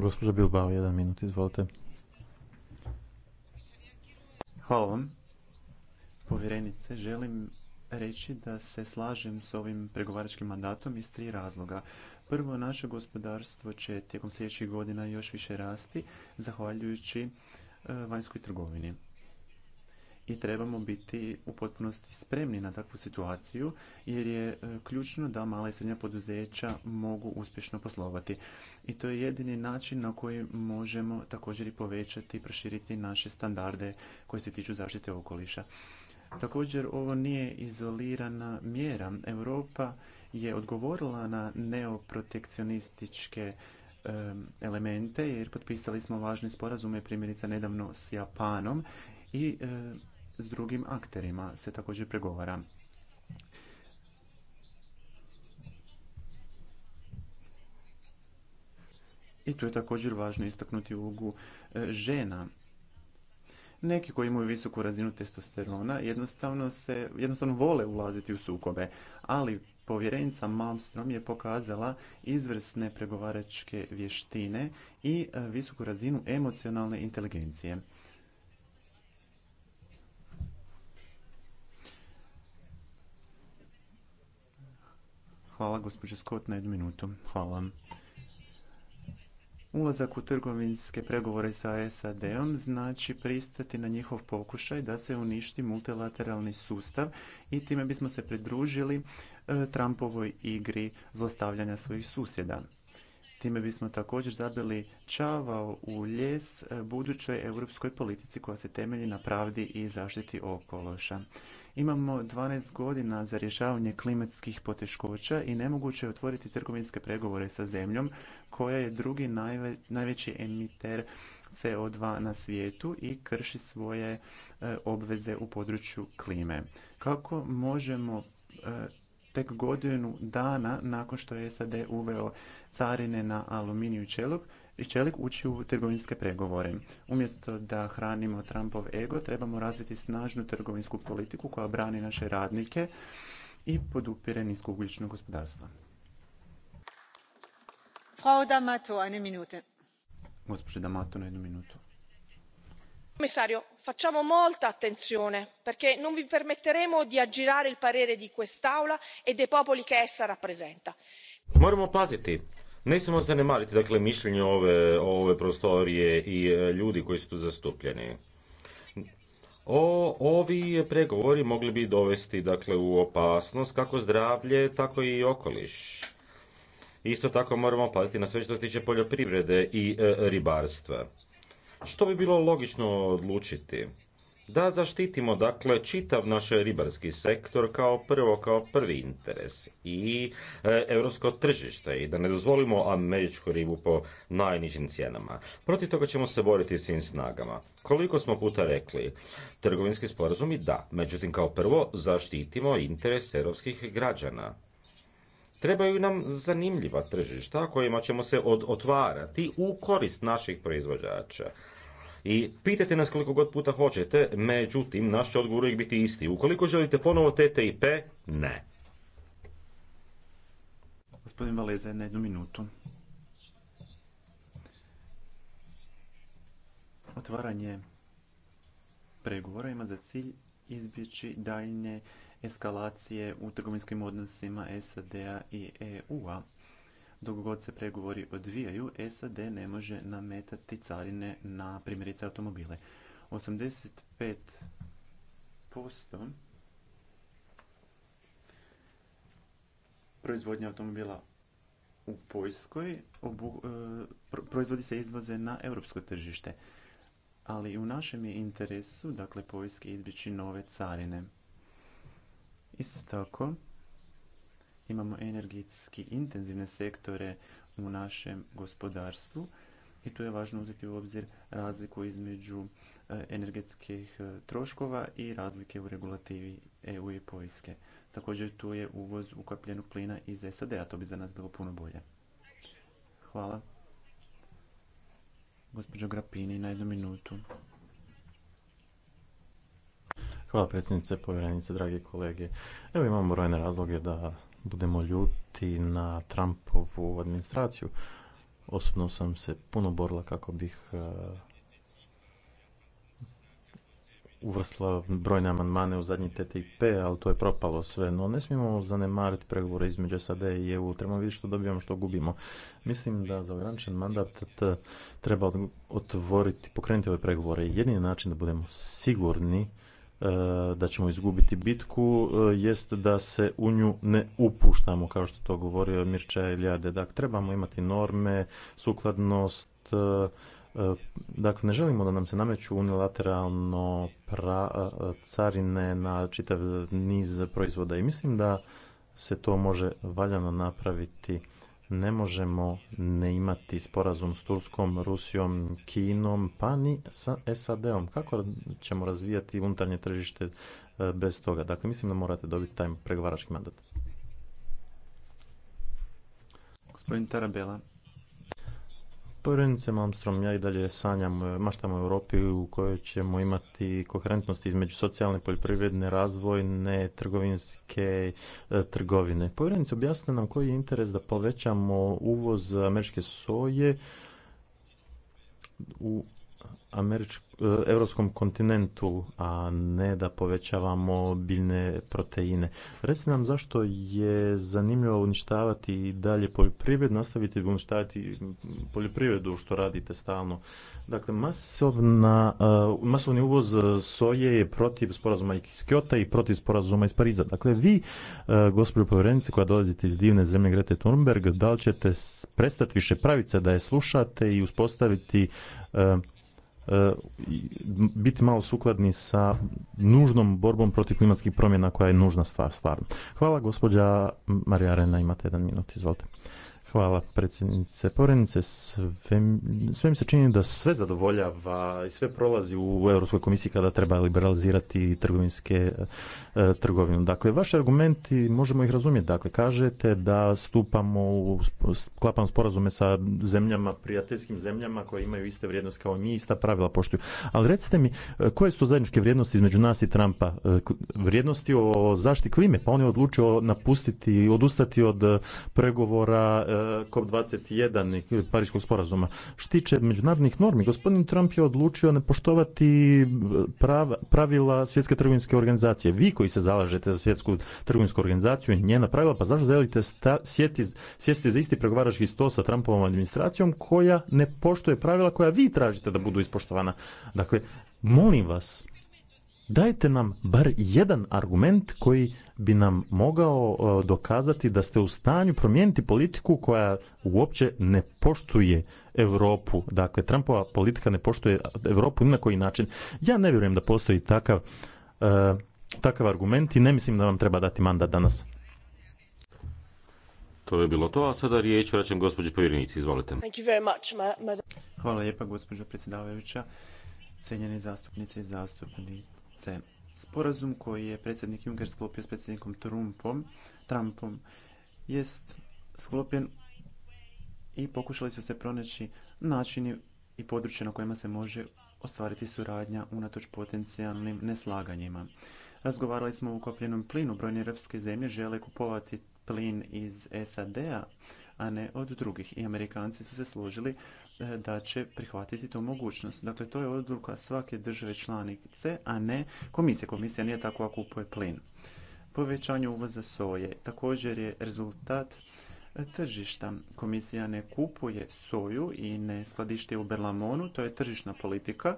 Gospođa Bilbao, jedan minut, izvolite. Hvala vam. Povjerenice, želim reći da se slažem s ovim pregovaračkim mandatom iz tri razloga. Prvo, naše gospodarstvo će tijekom sljedećih godina još više rasti, zahvaljujući e, vanjskoj trgovini i trebamo biti u potpunosti spremni na takvu situaciju jer je e, ključno da mala i srednja poduzeća mogu uspješno poslovati. I to je jedini način na koji možemo također i povećati i proširiti naše standarde koji se tiču zaštite okoliša. Također ovo nije izolirana mjera. Europa je odgovorila na neoprotekcionističke e, elemente jer potpisali smo važne sporazume primjerice nedavno s Japanom i e, s drugim akterima se također pregovara. I tu je također važno istaknuti ulogu e, žena. Neki koji imaju visoku razinu testosterona jednostavno, se, jednostavno vole ulaziti u sukobe, ali povjerenica Malmstrom je pokazala izvrsne pregovaračke vještine i e, visoku razinu emocionalne inteligencije. Hvala, gospođo Scott, na jednu minutu. Hvala. Ulazak u trgovinske pregovore sa SAD-om znači pristati na njihov pokušaj da se uništi multilateralni sustav i time bismo se pridružili e, Trumpovoj igri zlostavljanja svojih susjeda. Time bismo također zabili čavao u ljes e, budućoj europskoj politici koja se temelji na pravdi i zaštiti okološa. Imamo 12 godina za rješavanje klimatskih poteškoća i nemoguće je otvoriti trgovinske pregovore sa zemljom koja je drugi najveći emiter CO2 na svijetu i krši svoje e, obveze u području klime. Kako možemo e, tek godinu dana nakon što je SAD uveo carine na aluminiju i čelup želi ući u trgovinske pregovore. Umjesto da hranimo Trumpov ego, trebamo razviti snažnu trgovinsku politiku koja brani naše radnike i podupire niskougljično gospodarstvo. Frau D'Amato, eine minute. D'Amato, jednu minutu commissario facciamo molta attenzione perché non vi permetteremo di aggirare il parere di quest'aula e dei popoli che essa rappresenta. moramo paziti ne smijemo zanemariti dakle mišljenje ove, ove prostorije i e, ljudi koji su tu zastupljeni. O, ovi pregovori mogli bi dovesti dakle u opasnost kako zdravlje, tako i okoliš. Isto tako moramo paziti na sve što se tiče poljoprivrede i e, ribarstva. Što bi bilo logično odlučiti? da zaštitimo dakle čitav naš ribarski sektor kao prvo kao prvi interes i e, europsko tržište i da ne dozvolimo američku ribu po najnižim cijenama. Protiv toga ćemo se boriti svim snagama. Koliko smo puta rekli, trgovinski sporazumi da, međutim kao prvo zaštitimo interes europskih građana. Trebaju nam zanimljiva tržišta kojima ćemo se od otvarati u korist naših proizvođača. I pitajte nas koliko god puta hoćete, međutim, naš će odgovor uvijek biti isti. Ukoliko želite ponovo TTIP, ne. Gospodin Valeza, na jednu minutu. Otvaranje pregovora ima za cilj izbjeći daljnje eskalacije u trgovinskim odnosima SAD-a i EU-a dok god se pregovori odvijaju, SAD ne može nametati carine na primjerice automobile. 85% proizvodnje automobila u Poljskoj e, proizvodi se izvoze na europsko tržište. Ali u našem je interesu, dakle, Poljske izbjeći nove carine. Isto tako, imamo energetski intenzivne sektore u našem gospodarstvu i tu je važno uzeti u obzir razliku između e, energetskih e, troškova i razlike u regulativi EU i Poljske. Također tu je uvoz ukapljenog plina iz SAD-a, to bi za nas bilo puno bolje. Hvala. Gospođo Grapini, na jednu minutu. Hvala predsjednice, povjerenice, dragi kolege. Evo imamo brojne razloge da budemo ljuti na Trumpovu administraciju. Osobno sam se puno borila kako bih e, uvrstila brojne amandmane u zadnji TTIP, ali to je propalo sve. No ne smijemo zanemariti pregovore između SAD i EU. Trebamo vidjeti što dobijamo, što gubimo. Mislim da za ovaj ograničen mandat treba otvoriti, pokrenuti ove pregovore. Jedini način da budemo sigurni E, da ćemo izgubiti bitku e, jest da se u nju ne upuštamo kao što to govorio Mirča Iljade. Dakle, trebamo imati norme, sukladnost, dakle ne želimo da nam se nameću unilateralno carine na čitav niz proizvoda i mislim da se to može valjano napraviti ne možemo ne imati sporazum s Turskom, Rusijom, Kinom, pa ni sa SAD-om. Kako ćemo razvijati unutarnje tržište e, bez toga? Dakle, mislim da morate dobiti taj pregovarački mandat. Gospodin Tarabela. Povjerenice Malmstrom, ja i dalje sanjam e, maštamo u Europi u kojoj ćemo imati koherentnost između socijalne, poljoprivredne, razvojne, trgovinske e, trgovine. Povjerenice, objasne nam koji je interes da povećamo uvoz američke soje u američk, eh, evropskom kontinentu, a ne da povećavamo biljne proteine. Reci nam zašto je zanimljivo uništavati i dalje poljoprivredu, nastaviti uništavati poljoprivredu što radite stalno. Dakle, masovna, eh, masovni uvoz soje je protiv sporazuma iz Kyoto i protiv sporazuma iz Pariza. Dakle, vi, eh, gospođo povjerenice koja dolazite iz divne zemlje Grete Thunberg, da li ćete prestati više pravice da je slušate i uspostaviti E, biti malo sukladni sa nužnom borbom protiv klimatskih promjena koja je nužna stvar stvarno. Hvala gospođa Marijarena. imate jedan minut, izvolite. Hvala predsjednice Porenice. Sve, mi se čini da sve zadovoljava i sve prolazi u Europskoj komisiji kada treba liberalizirati trgovinske e, trgovinu. Dakle, vaši argumenti možemo ih razumjeti. Dakle, kažete da stupamo u klapan sporazume sa zemljama, prijateljskim zemljama koje imaju iste vrijednosti kao mi, ista pravila poštuju. Ali recite mi, e, koje su to zajedničke vrijednosti između nas i Trumpa? E, vrijednosti o zaštiti klime, pa on je odlučio napustiti, i odustati od pregovora COP21 i Pariškog sporazuma. tiče međunarodnih normi, gospodin Trump je odlučio ne poštovati eh, pravila svjetske trgovinske organizacije. Vi koji se zalažete za svjetsku trgovinsku organizaciju i njena pravila, pa zašto želite sjeti, sjesti za isti pregovarački sto sa Trumpovom administracijom koja ne poštuje pravila koja vi tražite da budu ispoštovana? Dakle, molim vas, Dajte nam bar jedan argument koji bi nam mogao e, dokazati da ste u stanju promijeniti politiku koja uopće ne poštuje Europu. Dakle, Trumpova politika ne poštuje Europu ni na koji način. Ja ne vjerujem da postoji takav, e, takav argument i ne mislim da vam treba dati mandat danas. To je bilo to, a sada riječ vraćam gospođi povjerenici, izvolite. Hvala lijepa gospođo predsjedavajuća, cijenjeni zastupnice i zastupnici. C. Sporazum koji je predsjednik Juncker sklopio s predsjednikom Trumpom, Trumpom jest sklopljen i pokušali su se pronaći načini i područje na kojima se može ostvariti suradnja unatoč potencijalnim neslaganjima. Razgovarali smo o ukopljenom plinu. Brojne europske zemlje žele kupovati plin iz SAD-a, a ne od drugih. I Amerikanci su se složili da će prihvatiti tu mogućnost. Dakle, to je odluka svake države članice, a ne komisije. Komisija nije tako ako kupuje plin. Povećanje uvoza soje također je rezultat tržišta. Komisija ne kupuje soju i ne sladište u Berlamonu, to je tržišna politika.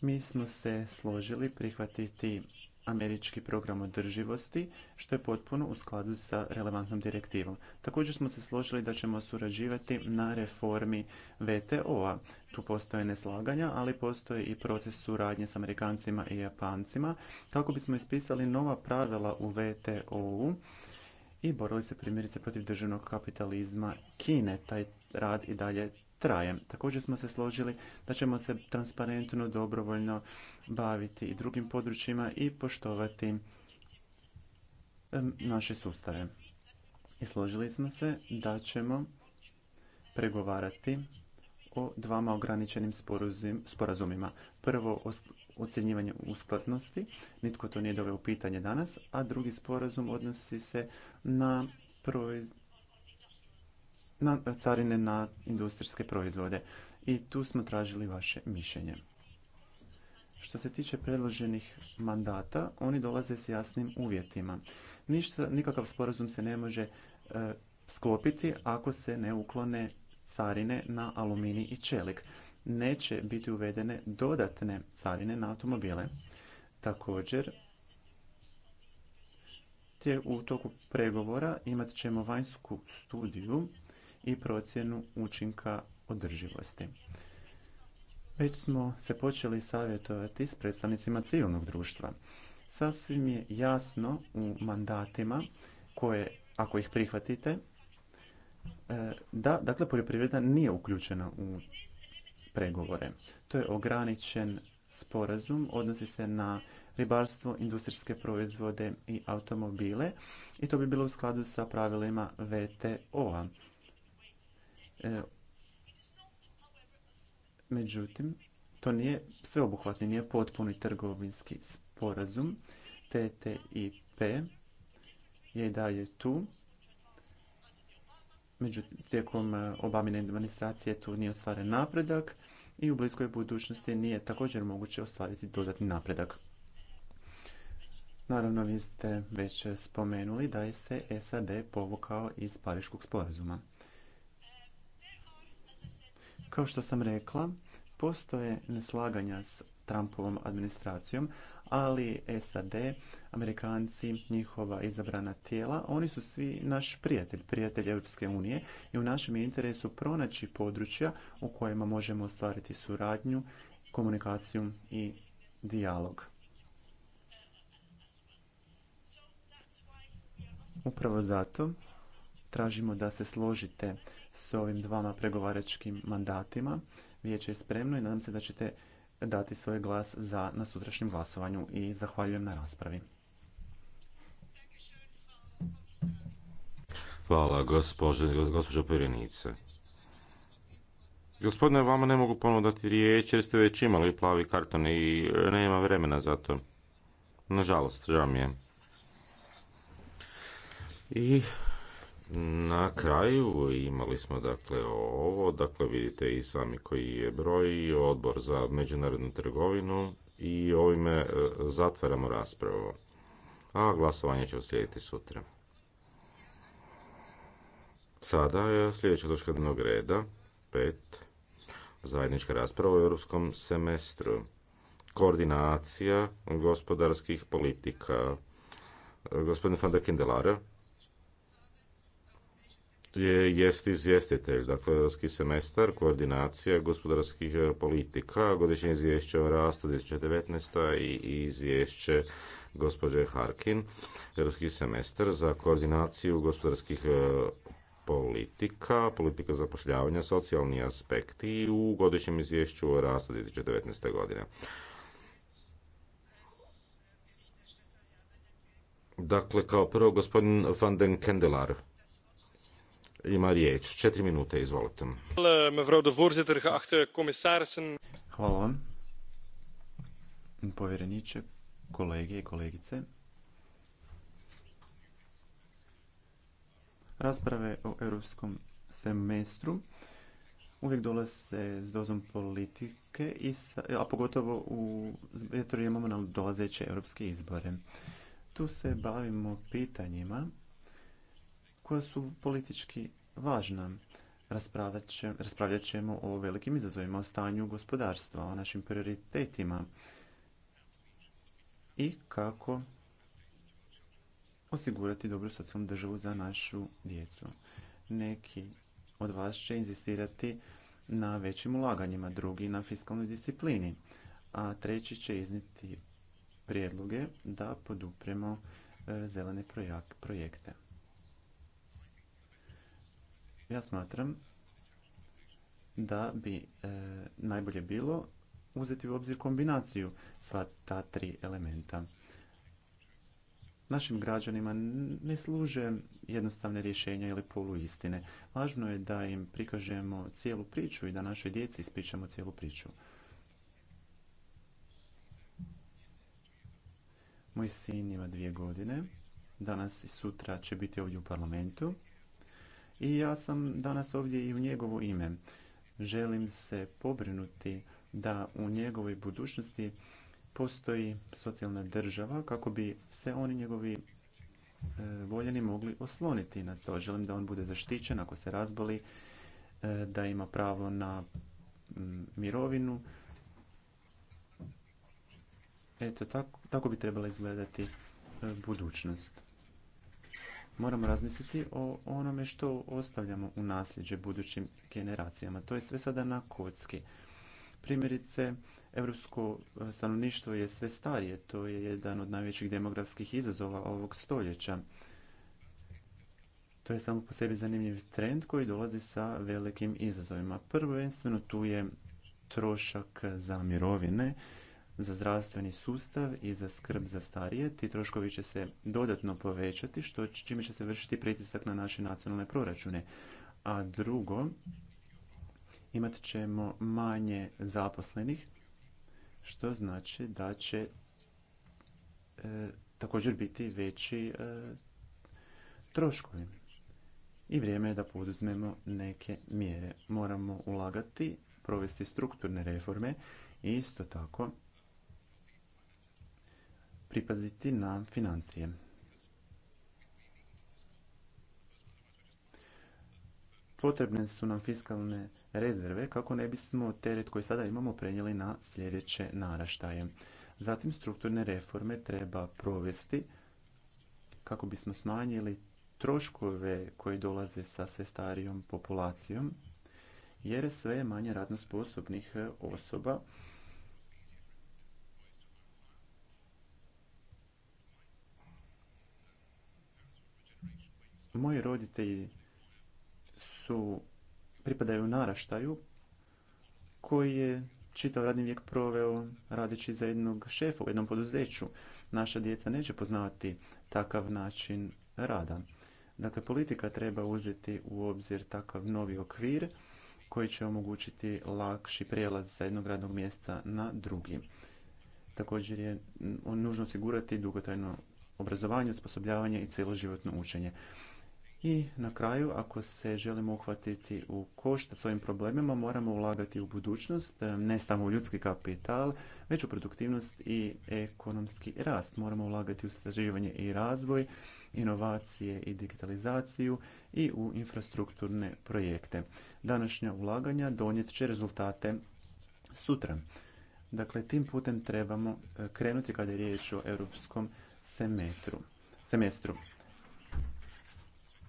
Mi smo se složili prihvatiti američki program održivosti što je potpuno u skladu sa relevantnom direktivom. Također smo se složili da ćemo surađivati na reformi VTO-a. Tu postoje neslaganja, ali postoje i proces suradnje s Amerikancima i Japancima kako bismo ispisali nova pravila u VTO-u i borili se primjerice protiv državnog kapitalizma Kine. Taj rad i dalje traje. Također smo se složili da ćemo se transparentno, dobrovoljno baviti i drugim područjima i poštovati naše sustave. I složili smo se da ćemo pregovarati o dvama ograničenim sporazumima. Prvo o ocjenjivanje uskladnosti, nitko to nije doveo u pitanje danas, a drugi sporazum odnosi se na, carine na industrijske proizvode i tu smo tražili vaše mišljenje. Što se tiče predloženih mandata, oni dolaze s jasnim uvjetima. Ništa, nikakav sporazum se ne može e, sklopiti ako se ne uklone carine na aluminij i čelik neće biti uvedene dodatne carine na automobile. Također, te u toku pregovora imat ćemo vanjsku studiju i procjenu učinka održivosti. Već smo se počeli savjetovati s predstavnicima civilnog društva. Sasvim je jasno u mandatima koje, ako ih prihvatite, e, da, dakle, poljoprivreda nije uključena u pregovore. To je ograničen sporazum, odnosi se na ribarstvo, industrijske proizvode i automobile i to bi bilo u skladu sa pravilima VTO-a. E, međutim, to nije sveobuhvatni, nije potpuni trgovinski sporazum. TTIP je da dalje tu Međutim, tijekom e, Obamine administracije tu nije ostvaren napredak i u bliskoj budućnosti nije također moguće ostvariti dodatni napredak. Naravno, vi ste već spomenuli da je se SAD povukao iz Pariškog sporazuma. Kao što sam rekla, postoje neslaganja s Trumpovom administracijom, ali SAD, Amerikanci, njihova izabrana tijela, oni su svi naš prijatelj, prijatelj Europske unije i u našem je interesu pronaći područja u kojima možemo ostvariti suradnju, komunikaciju i dijalog. Upravo zato tražimo da se složite s ovim dvama pregovaračkim mandatima. Vijeće je spremno i nadam se da ćete dati svoj glas za na sutrašnjem glasovanju i zahvaljujem na raspravi. Hvala, gospođo, Gospodine, vama ne mogu ponovno dati riječ jer ste već imali plavi karton i nema vremena za to. Nažalost, žao mi je. I na kraju imali smo dakle ovo, dakle vidite i sami koji je broj, odbor za međunarodnu trgovinu i ovime e, zatvaramo raspravu. A glasovanje će uslijediti sutra. Sada je sljedeća točka dnevnog reda, pet, zajednička rasprava u europskom semestru. Koordinacija gospodarskih politika. E, gospodin van der jest izvjestitelj, dakle europski semestar, koordinacija gospodarskih e, politika, godišnje izvješće o rastu 2019. i izvješće gospođe Harkin, europski semestar za koordinaciju gospodarskih e, politika, politika zapošljavanja, socijalni aspekti u godišnjem izvješću o rastu 2019. godine. Dakle, kao prvo, gospodin Van den Kendelar ima riječ. Četiri minute, izvolite. Hvala vam. Povjereniče, kolege i kolegice. Rasprave o europskom semestru uvijek dolaze s dozom politike, i a pogotovo u, imamo nam dolazeće europske izbore. Tu se bavimo pitanjima koja su politički važna. Raspravljat ćemo o velikim izazovima, o stanju gospodarstva, o našim prioritetima i kako osigurati dobru socijalnu državu za našu djecu. Neki od vas će inzistirati na većim ulaganjima, drugi na fiskalnoj disciplini, a treći će izniti prijedloge da podupremo e, zelene projekte. Ja smatram da bi e, najbolje bilo uzeti u obzir kombinaciju sva ta tri elementa. Našim građanima ne služe jednostavne rješenja ili poluistine. Važno je da im prikažemo cijelu priču i da našoj djeci ispričamo cijelu priču. Moj sin ima dvije godine. Danas i sutra će biti ovdje u parlamentu i ja sam danas ovdje i u njegovo ime. Želim se pobrinuti da u njegovoj budućnosti postoji socijalna država kako bi se oni njegovi e, voljeni mogli osloniti na to. Želim da on bude zaštićen ako se razboli, e, da ima pravo na mirovinu. Eto, tako, tako bi trebala izgledati e, budućnost moramo razmisliti o onome što ostavljamo u nasljeđe budućim generacijama. To je sve sada na kocki. Primjerice, europsko e, stanovništvo je sve starije. To je jedan od najvećih demografskih izazova ovog stoljeća. To je samo po sebi zanimljiv trend koji dolazi sa velikim izazovima. Prvenstveno tu je trošak za mirovine za zdravstveni sustav i za skrb za starije. Ti troškovi će se dodatno povećati, što, čime će se vršiti pritisak na naše nacionalne proračune. A drugo, imat ćemo manje zaposlenih, što znači da će e, također biti veći e, troškovi. I vrijeme je da poduzmemo neke mjere. Moramo ulagati, provesti strukturne reforme i isto tako pripaziti na financije. Potrebne su nam fiskalne rezerve kako ne bismo teret koji sada imamo prenijeli na sljedeće naraštaje. Zatim strukturne reforme treba provesti kako bismo smanjili troškove koji dolaze sa sve starijom populacijom jer sve je manje radno sposobnih osoba Moji roditelji su, pripadaju naraštaju koji je čitav radni vijek proveo radeći za jednog šefa u jednom poduzeću. Naša djeca neće poznavati takav način rada. Dakle, politika treba uzeti u obzir takav novi okvir koji će omogućiti lakši prijelaz sa jednog radnog mjesta na drugi. Također je nužno osigurati dugotrajno obrazovanje, osposobljavanje i cjeloživotno učenje. I na kraju, ako se želimo uhvatiti u koštac s ovim problemima, moramo ulagati u budućnost, ne samo u ljudski kapital, već u produktivnost i ekonomski rast. Moramo ulagati u istraživanje i razvoj, inovacije i digitalizaciju i u infrastrukturne projekte. Današnja ulaganja donijet će rezultate sutra. Dakle, tim putem trebamo eh, krenuti kada je riječ o europskom semestru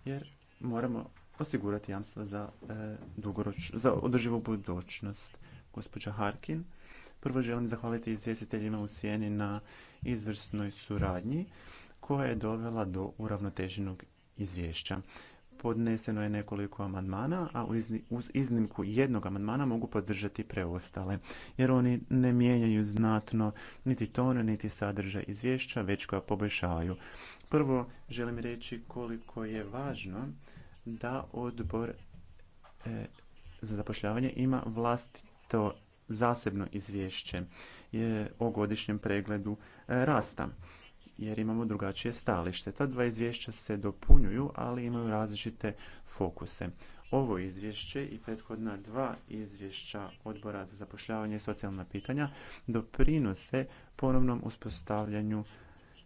jer moramo osigurati jamstva za, e, dugoroč, za održivu budućnost. Gospođa Harkin, prvo želim zahvaliti izvjestiteljima u Sijeni na izvrsnoj suradnji koja je dovela do uravnoteženog izvješća. Podneseno je nekoliko amandmana, a uz iznimku jednog amandmana mogu podržati preostale, jer oni ne mijenjaju znatno niti tone, niti sadržaj izvješća, već koja poboljšavaju. Prvo želim reći koliko je važno da odbor e, za zapošljavanje ima vlastito zasebno izvješće e, o godišnjem pregledu e, rasta jer imamo drugačije stalište. Ta dva izvješća se dopunjuju, ali imaju različite fokuse. Ovo izvješće i prethodna dva izvješća odbora za zapošljavanje i socijalna pitanja doprinose ponovnom uspostavljanju